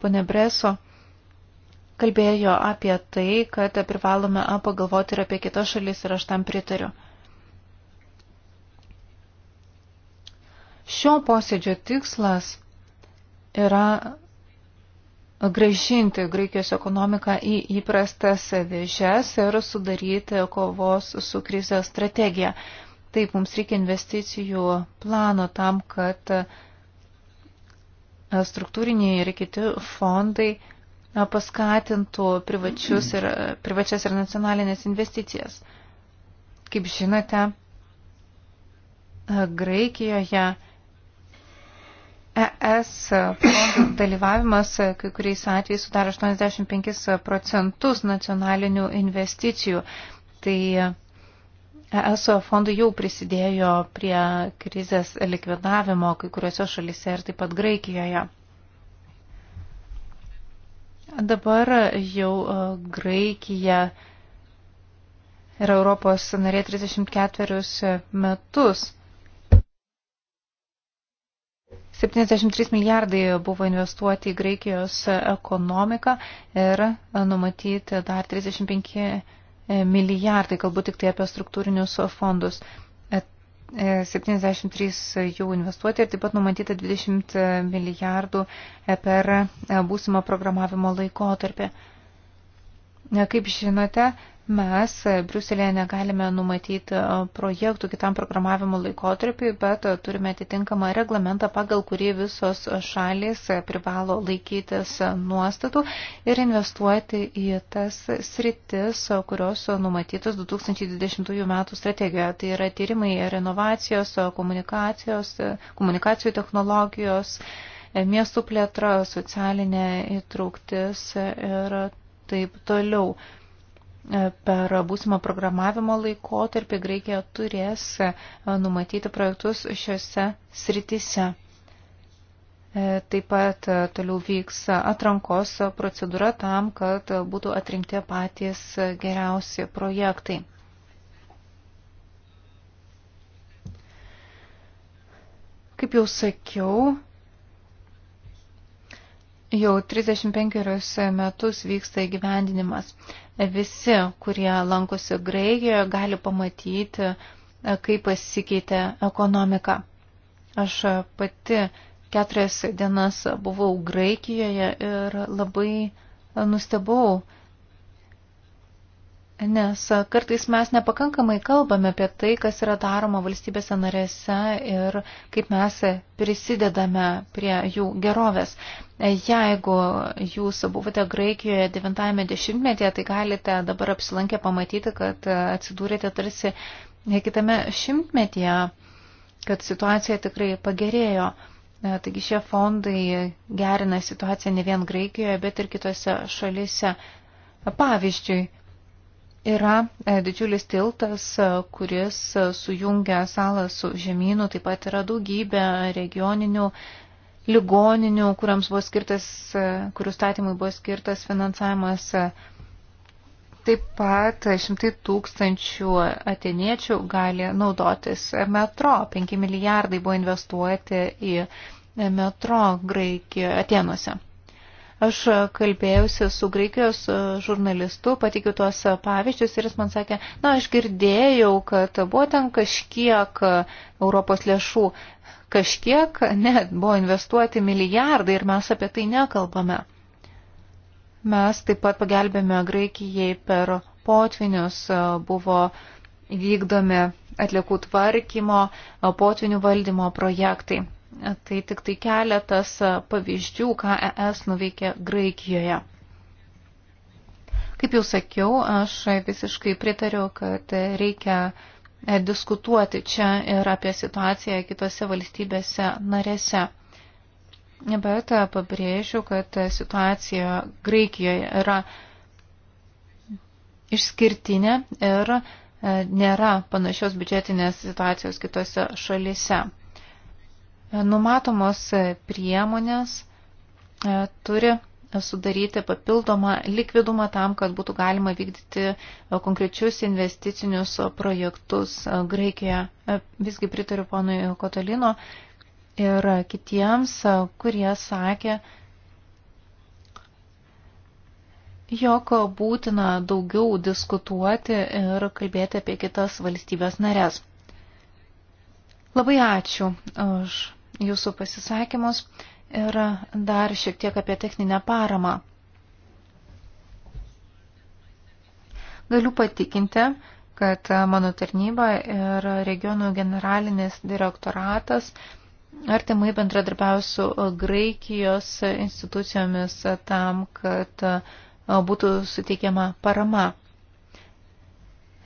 ponė Breso kalbėjo apie tai, kad privalome pagalvoti ir apie kitas šalis ir aš tam pritariu. Šio posėdžio tikslas yra gražinti Graikijos ekonomiką į įprastas vėžes ir sudaryti kovos su krize strategiją. Taip, mums reikia investicijų plano tam, kad struktūriniai ir kiti fondai paskatintų ir, privačias ir nacionalinės investicijas. Kaip žinote, Graikijoje ES fondų dalyvavimas kai kuriais atvejais sudaro 85 procentus nacionalinių investicijų. Tai ES fondai jau prisidėjo prie krizės likvidavimo kai kuriuose šalise ir taip pat Graikijoje. Dabar jau e, Graikija yra Europos narė 34 metus. 73 milijardai buvo investuoti į Graikijos ekonomiką ir numatyti dar 35 e, milijardai, kalbu tik tai apie struktūrinius fondus. 73 e, e, jau investuoti ir taip pat numatyta 20 milijardų per būsimą programavimo laikotarpį. Kaip žinote, Mes e, Bruselėje negalime numatyti e, projektų kitam programavimo laikotarpiui, bet e, turime atitinkamą reglamentą, pagal kurį visos šalis privalo laikytis nuostatų ir investuoti į tas sritis, kurios numatytos 2020 m. strategijoje. Tai yra tyrimai ir inovacijos, komunikacijos, komunikacijų technologijos, miestų plėtra, socialinė įtrauktis ir taip toliau per būsimą programavimo laikotarpį Graikija turės e, numatyti projektus šiuose sritise. E, taip pat e, toliau vyks atrankos procedūra tam, kad būtų atrinkti patys geriausi projektai. Kaip jau sakiau, Jau 35 metus vyksta įgyvendinimas. Visi, kurie lankosi Graikijoje, gali pamatyti, kaip pasikeitė ekonomika. Aš pati keturias dienas buvau Graikijoje ir labai nustebau, Nes kartais mes nepakankamai kalbame apie tai, kas yra daroma valstybėse narėse ir kaip mes prisidedame prie jų gerovės. Jeigu jūs buvote Graikijoje 90-metyje, tai galite dabar apsilankę pamatyti, kad atsidūrėte tarsi kitame šimtmetyje, kad situacija tikrai pagerėjo. Taigi šie fondai gerina situaciją ne vien Graikijoje, bet ir kitose šalise. Pavyzdžiui, yra e, didžiulis tiltas, e, kuris e, sujungia salą su žemynu, taip pat yra daugybė regioninių ligoninių, kuriams buvo skirtas, kurių statymui buvo skirtas finansavimas. Taip pat šimtai tūkstančių ateniečių gali naudotis metro. 5 milijardai buvo investuoti į metro Graikijoje Atenuose. Aš kalbėjausi su Graikijos žurnalistu, patikiu tuos pavyzdžius ir jis man sakė, na, aš girdėjau, kad buvo ten kažkiek Europos lėšų, kažkiek, ne, buvo investuoti milijardai ir mes apie tai nekalbame. Mes taip pat pagelbėme Graikijai per potvinius, buvo vykdomi atliekų tvarkymo, potvinių valdymo projektai. Tai tik tai keletas pavyzdžių, ką ES nuveikė Graikijoje. Kaip jau sakiau, aš visiškai pritariu, kad reikia diskutuoti čia ir apie situaciją kitose valstybėse narėse. Bet pabrėžiu, kad situacija Graikijoje yra išskirtinė ir nėra panašios biudžetinės situacijos kitose šalise. Numatomos priemonės e, turi sudaryti papildomą likvidumą tam, kad būtų galima vykdyti e, konkrečius investicinius projektus e, Graikijoje. Visgi pritariu ponui Kotolino ir kitiems, kurie sakė, jog būtina daugiau diskutuoti ir kalbėti apie kitas valstybės narės. Labai ačiū už jūsų pasisakymus ir dar šiek tiek apie techninę paramą. Galiu patikinti, kad mano tarnyba ir regionų generalinis direktoratas artimai bendradarbiauja su Graikijos institucijomis tam, kad būtų suteikiama parama.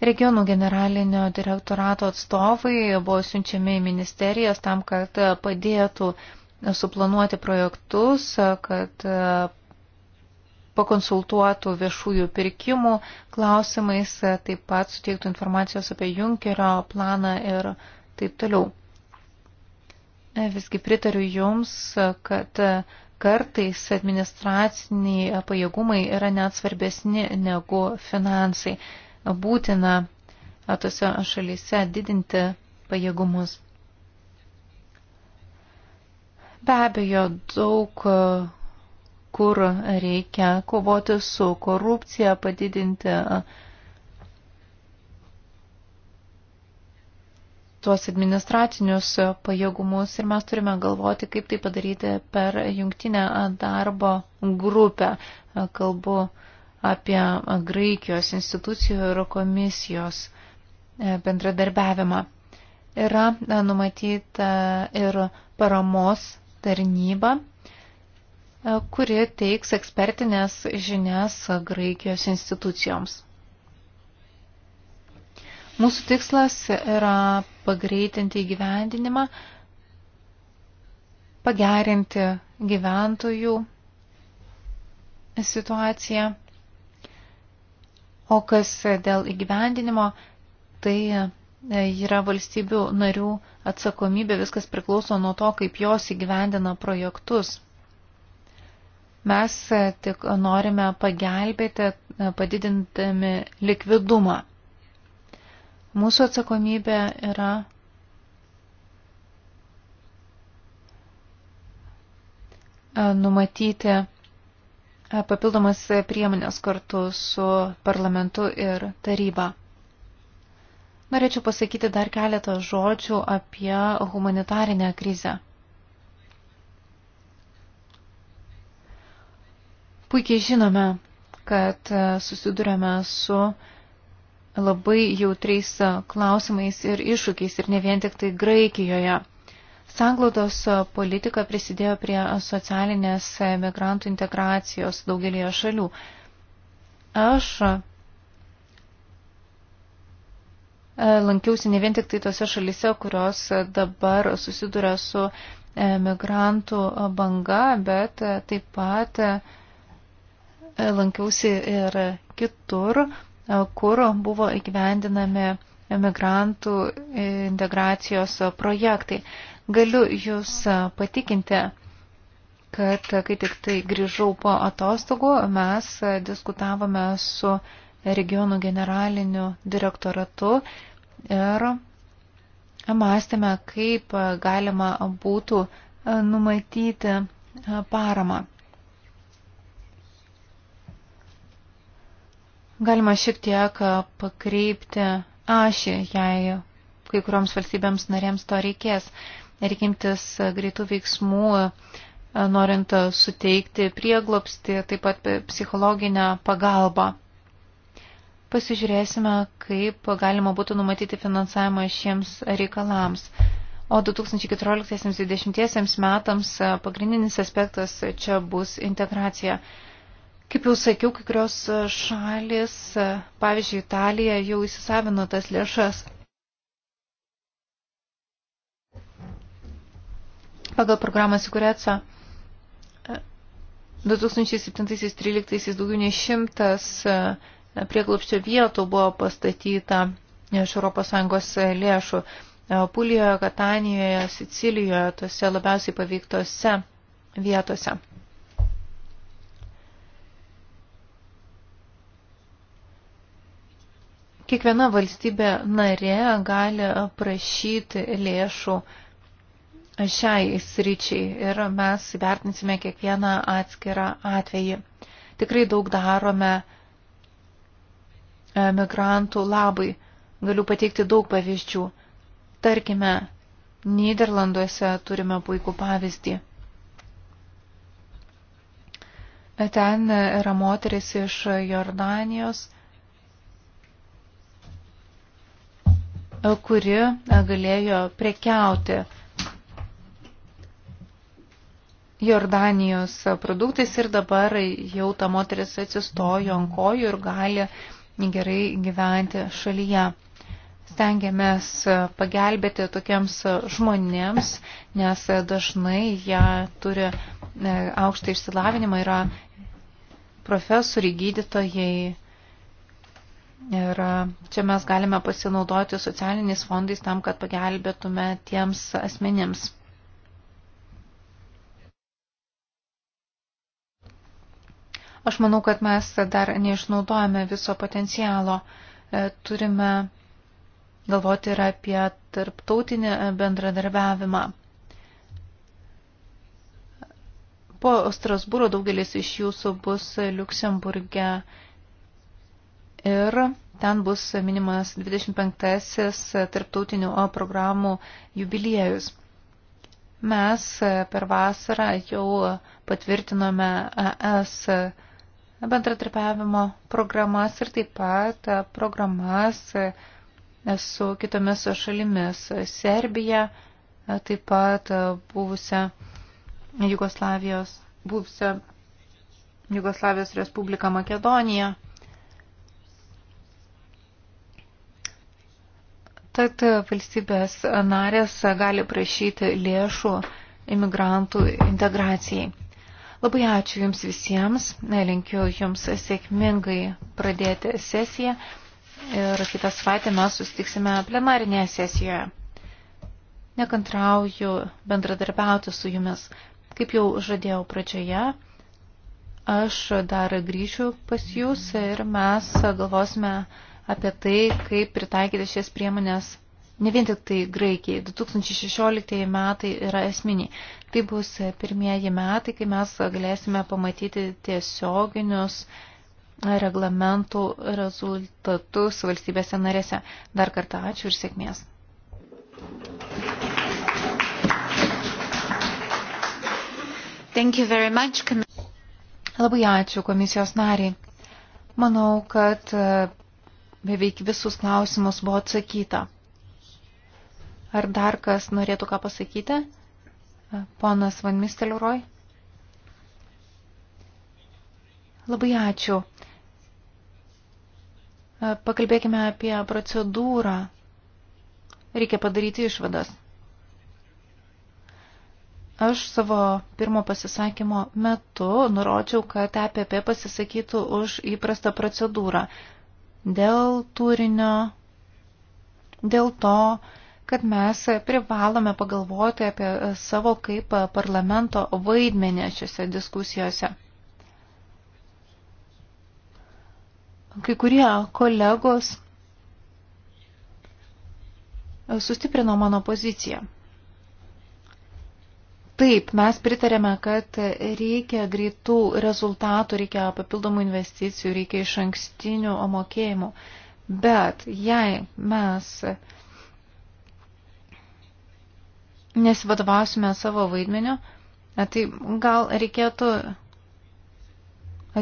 Regionų generalinio direktorato atstovai buvo siunčiami į ministerijas tam, kad padėtų suplanuoti projektus, kad pakonsultuotų viešųjų pirkimų klausimais, taip pat suteiktų informacijos apie Junkerio planą ir taip toliau. Visgi pritariu Jums, kad kartais administraciniai pajėgumai yra net svarbesni negu finansai būtina tose šalyse didinti pajėgumus. Be abejo, daug kur reikia kovoti su korupcija, padidinti tuos administracinius pajėgumus ir mes turime galvoti, kaip tai padaryti per jungtinę darbo grupę. Kalbu apie Graikijos institucijų ir komisijos e, bendradarbiavimą. Yra e, numatyta ir paramos tarnyba, e, kuri teiks ekspertinės žinias Graikijos institucijoms. Mūsų tikslas yra pagreitinti įgyvendinimą, pagerinti gyventojų situaciją O kas dėl įgyvendinimo, tai e, yra valstybių narių atsakomybė, viskas priklauso nuo to, kaip jos įgyvendina projektus. Mes e, tik norime pagelbėti, e, padidintami likvidumą. Mūsų atsakomybė yra numatyti E, papildomas priemonės kartu su parlamentu ir taryba. Norėčiau pasakyti dar keletą žodžių apie humanitarinę krizę. Puikiai žinome, kad e, susidurėme su labai jautriais klausimais ir iššūkiais ir ne vien tik tai Graikijoje. Sanglaudos politika prisidėjo prie socialinės migrantų integracijos daugelėje šalių. Aš lankiausi ne vien tik tai tose šalise, kurios dabar susiduria su migrantų banga, bet taip pat lankiausi ir kitur, kur buvo įgyvendinami emigrantų integracijos projektai. Galiu Jūs patikinti, kad kai tik tai grįžau po atostogų, mes diskutavome su regionų generaliniu direktoratu ir mąstėme, kaip galima būtų numatyti paramą. Galima šiek tiek pakreipti ašį, jei kai kurioms valstybėms narėms to reikės. Reikimtis greitų veiksmų, norint suteikti prieglopsti, taip pat psichologinę pagalbą. Pasižiūrėsime, kaip galima būtų numatyti finansavimą šiems reikalams. O 2014-2020 metams pagrindinis aspektas čia bus integracija. Kaip jau sakiau, kai kurios šalis, pavyzdžiui, Italija jau įsisavino tas lėšas. Pagal programą Sigureca 2017-2013 daugiau nei šimtas e, prieglopščio vietų buvo pastatyta iš ES lėšų e, Pulijoje, Katanijoje, Sicilijoje, tose labiausiai paveiktose vietose. Kiekviena valstybė narė gali prašyti lėšų šiai sričiai ir mes vertinsime kiekvieną atskirą atvejį. Tikrai daug darome e, migrantų labai. Galiu pateikti daug pavyzdžių. Tarkime, Niderlanduose turime puikų pavyzdį. E, ten yra moteris iš Jordanijos, E, kuri e, galėjo prekiauti Jordanijos produktais ir dabar jau ta moteris atsistojo ant kojų ir gali gerai gyventi šalyje. Stengiamės pagelbėti tokiems žmonėms, nes dažnai jie turi e, aukštą išsilavinimą, yra profesoriai, gydytojai, Ir e, čia mes galime pasinaudoti socialiniais fondais tam, kad pagelbėtume tiems asmenims. Aš manau, kad mes dar neišnaudojame viso potencialo. E, turime galvoti ir apie tarptautinį bendradarbiavimą. Po Strasbūro daugelis iš jūsų bus Luksemburgė ir ten bus minimas 25-asis tarptautinių programų jubiliejus. Mes e, per vasarą jau patvirtinome ES bendratarpiavimo programas ir taip pat programas e, su kitomis šalimis - Serbija, e, taip pat buvusią Jugoslavijos, buvusią Jugoslavijos Respubliką Makedoniją. Tad valstybės narės gali prašyti lėšų imigrantų integracijai. Labai ačiū Jums visiems, linkiu Jums sėkmingai pradėti sesiją ir kitą savaitę mes sustiksime plenarinėje sesijoje. Nekantrauju bendradarbiauti su Jumis. Kaip jau žadėjau pradžioje, aš dar grįšiu pas Jūs ir mes galvosime apie tai, kaip pritaikyti šias priemonės ne vien tik tai Graikijai. 2016 metai yra esminiai. Tai bus pirmieji metai, kai mes galėsime pamatyti tiesioginius reglamentų rezultatus valstybėse narėse. Dar kartą ačiū ir sėkmės. Thank you very much. Labai ačiū komisijos nariai. Manau, kad beveik visus klausimus buvo atsakyta. Ar dar kas norėtų ką pasakyti? Ponas Van Mistelroj. Labai ačiū. Pakalbėkime apie procedūrą. Reikia padaryti išvadas. Aš savo pirmo pasisakymo metu nurodžiau, kad EPP pasisakytų už įprastą procedūrą dėl turinio, dėl to, kad mes privalome pagalvoti apie savo kaip parlamento vaidmenį šiuose diskusijose. Kai kurie kolegos sustiprino mano poziciją. Taip, mes pritarėme, kad reikia greitų rezultatų, reikia papildomų investicijų, reikia iš ankstinių mokėjimų. Bet jei mes nesivadovausime savo vaidmeniu, tai gal reikėtų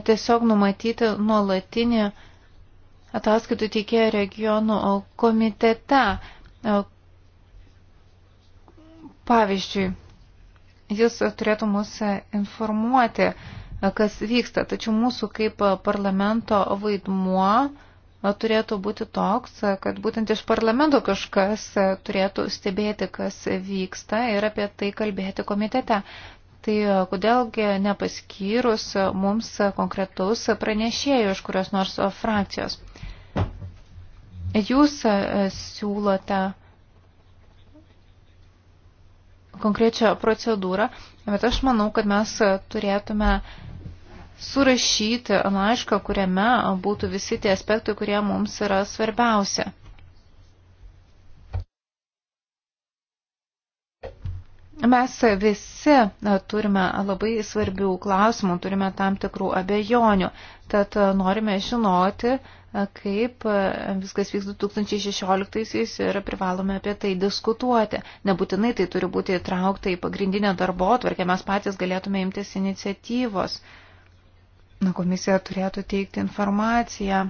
tiesiog numatyti nuolatinį ataskaitų teikėjo regionų komitete. Pavyzdžiui, jis turėtų mus informuoti, kas vyksta. Tačiau mūsų kaip parlamento vaidmuo turėtų būti toks, kad būtent iš parlamento kažkas turėtų stebėti, kas vyksta ir apie tai kalbėti komitete. Tai kodėlgi nepaskyrus mums konkretaus pranešėjų iš kurios nors frakcijos. Jūs siūlote konkrečią procedūrą, bet aš manau, kad mes turėtume surašyti laišką, kuriame būtų visi tie aspektai, kurie mums yra svarbiausia. Mes visi turime labai svarbių klausimų, turime tam tikrų abejonių, tad e, norime žinoti, e, kaip e, viskas vyks 2016-aisiais ir privalome apie tai diskutuoti. Nebūtinai tai turi būti įtraukta į pagrindinę darbo atvarkę, mes patys galėtume imtis iniciatyvos. Na, komisija turėtų teikti informaciją.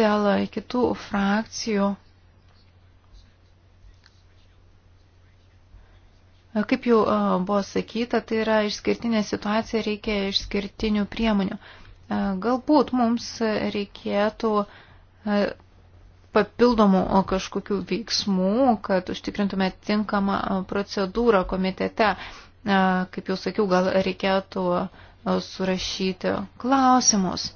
Dėl kitų frakcijų E, kaip jau e, buvo sakyta, tai yra išskirtinė situacija, reikia išskirtinių priemonių. E, galbūt mums reikėtų papildomų kažkokių veiksmų, kad užtikrintume tinkamą procedūrą komitete. Kaip jau sakiau, gal reikėtų surašyti klausimus.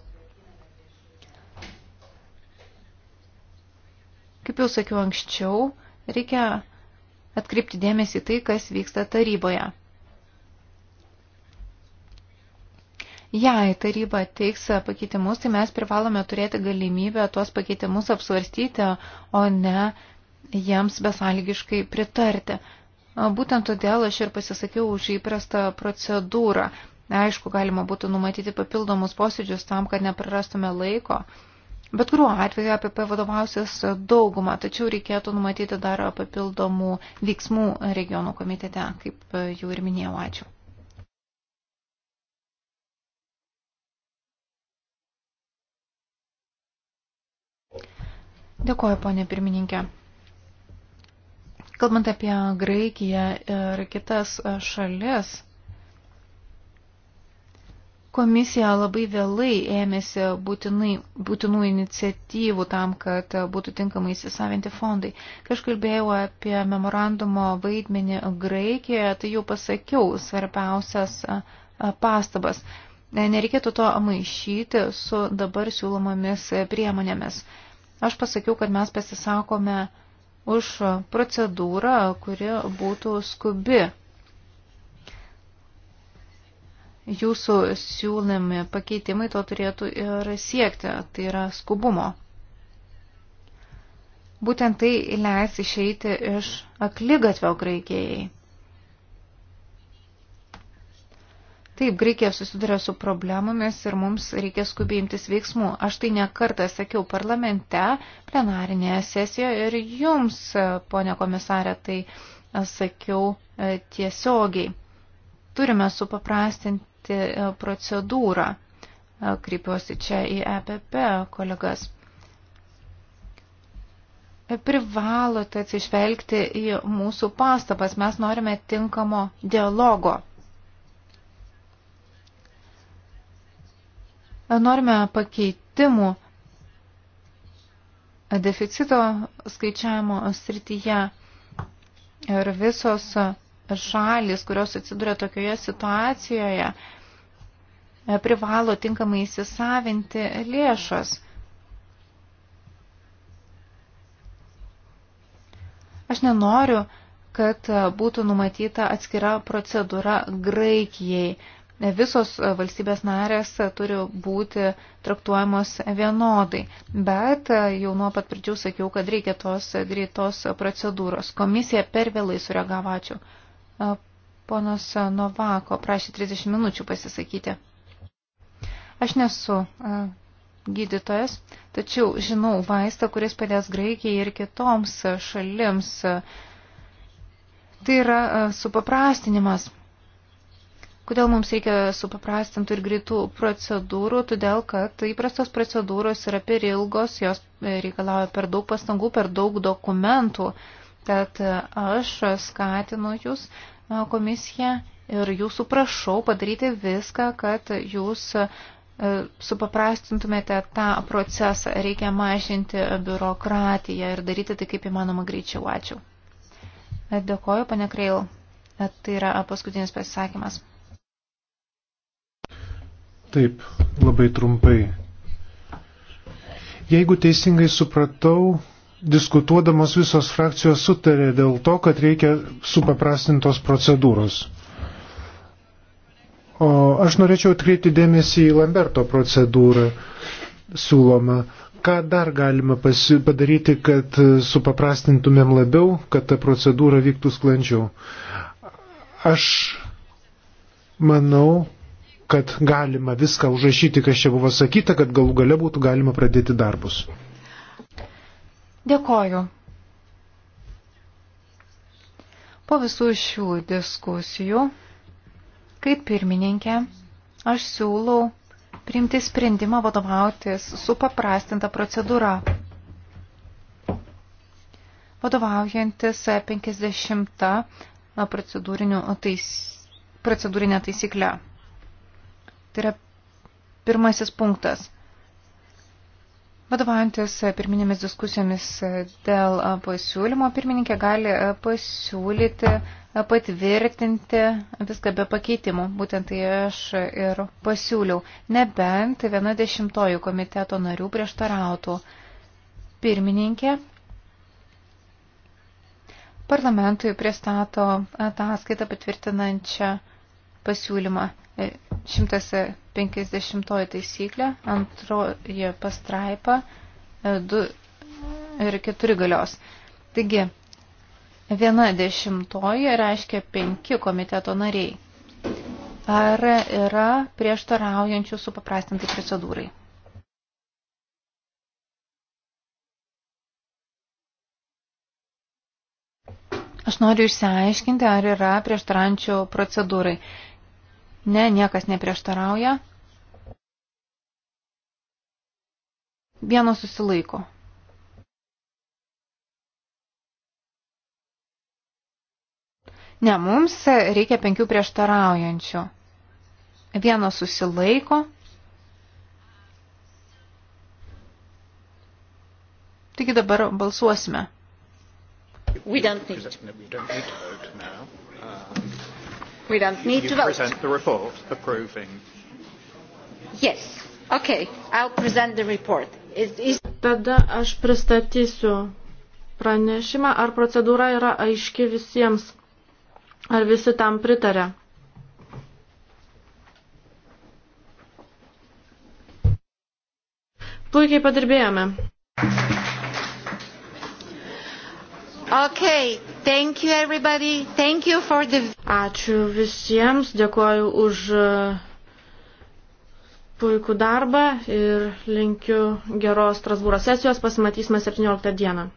Kaip jau sakiau anksčiau, reikia atkreipti dėmesį tai, kas vyksta taryboje. Jei taryba teiks pakeitimus, tai mes privalome turėti galimybę tuos pakeitimus apsvarstyti, o ne jiems besąlygiškai pritarti. Būtent todėl aš ir pasisakiau už įprastą procedūrą. Aišku, galima būtų numatyti papildomus posėdžius tam, kad neprarastume laiko. Bet kuriuo atveju APP vadovausias daugumą, tačiau reikėtų numatyti dar papildomų veiksmų regionų komitete, kaip jau ir minėjau. Ačiū. Dėkuoju, ponė pirmininkė. Kalbant apie Graikiją ir kitas šalis, Komisija labai vėlai ėmėsi būtinai, būtinų iniciatyvų tam, kad būtų tinkamai įsisavinti fondai. Kai aš kalbėjau apie memorandumo vaidmenį Graikijoje, tai jau pasakiau svarbiausias pastabas. Nereikėtų to maišyti su dabar siūlomomis priemonėmis. Aš pasakiau, kad mes pasisakome už procedūrą, kuri būtų skubi Jūsų siūlami pakeitimai to turėtų ir siekti, tai yra skubumo. Būtent tai leis išeiti iš aklygatvio Graikijai. Taip, Graikija susiduria su problemomis ir mums reikia skubiai imtis veiksmų. Aš tai nekartą sakiau parlamente, plenarinėje sesijoje ir jums, ponė komisarė, tai sakiau e, tiesiogiai. Turime supaprastinti keisti e, procedūrą. E, kreipiuosi čia į EPP kolegas. E, privalote atsižvelgti į mūsų pastabas. Mes norime tinkamo dialogo. Norime pakeitimų deficito skaičiavimo srityje ir visos šalis, kurios atsiduria tokioje situacijoje, E, privalo tinkamai įsisavinti lėšas. Aš nenoriu, kad būtų numatyta atskira procedūra Graikijai. Visos valstybės narės turi būti traktuojamos vienodai, bet jau nuo pat pradžių sakiau, kad reikia tos greitos procedūros. Komisija per vėlai sureagavo, ačiū. Ponas Novako prašė 30 minučių pasisakyti. Aš nesu gydytojas, tačiau žinau vaistą, kuris padės Graikijai ir kitoms šalims. Tai yra supaprastinimas. Kodėl mums reikia supaprastintų ir greitų procedūrų? Todėl, kad įprastos procedūros yra per ilgos, jos e, reikalauja per daug pastangų, per daug dokumentų. Tad e, aš skatinu jūs e, komisiją ir jūsų prašau padaryti viską, kad jūs E, supaprastintumėte tą procesą. Reikia mažinti biurokratiją ir daryti tai kaip įmanoma greičiau. Ačiū. E, dėkoju, pane Kreil. E, tai yra paskutinis pasisakymas. Taip, labai trumpai. Jeigu teisingai supratau, diskutuodamos visos frakcijos sutarė dėl to, kad reikia supaprastintos procedūros. O aš norėčiau atkreipti dėmesį į Lamberto procedūrą siūlomą. Ką dar galima padaryti, kad supaprastintumėm labiau, kad ta procedūra vyktų sklandžiau? Aš manau, kad galima viską užrašyti, kas čia buvo sakyta, kad galų gale būtų galima pradėti darbus. Dėkoju. Po visų šių diskusijų Kaip pirmininkė, aš siūlau priimti sprendimą vadovautis su paprastinta procedūra. Vadovaujantis 50 tais, procedūrinė taisyklė. Tai yra pirmasis punktas. Vadovaujantis e, pirminėmis diskusijomis e, dėl e, pasiūlymo, pirmininkė gali pasiūlyti, patvirtinti viską be pakeitimų. Būtent tai aš ir pasiūliau. Nebent viena dešimtoji komiteto narių prieštarautų. Pirmininkė parlamentui pristato ataskaitą patvirtinančią pasiūlymą. 100 50 taisyklė, antroji pastraipa 2 e, ir 4 galios. Taigi, viena dešimtoji reiškia 5 komiteto nariai. Ar yra prieštaraujančių supaprastintai procedūrai? Aš noriu išsiaiškinti, ar yra prieštarančių procedūrai. Ne, niekas neprieštarauja. Vienas susilaiko. Ne, mums reikia penkių prieštaraujančių. Vienas susilaiko. Taigi dabar balsuosime. We don't need to vote now. We don't need to vote. You present the report approving. Yes. Okay, I'll present the report. It is... Tada aš pristatysiu pranešimą, ar procedūra yra aiški visiems, ar visi tam pritarė. Puikiai padirbėjome. Okay, thank you everybody. Thank you for the Ačiū visiems, dėkoju už puikų darbą ir linkiu geros Strasbūro sesijos. Pasimatysime 17 dieną.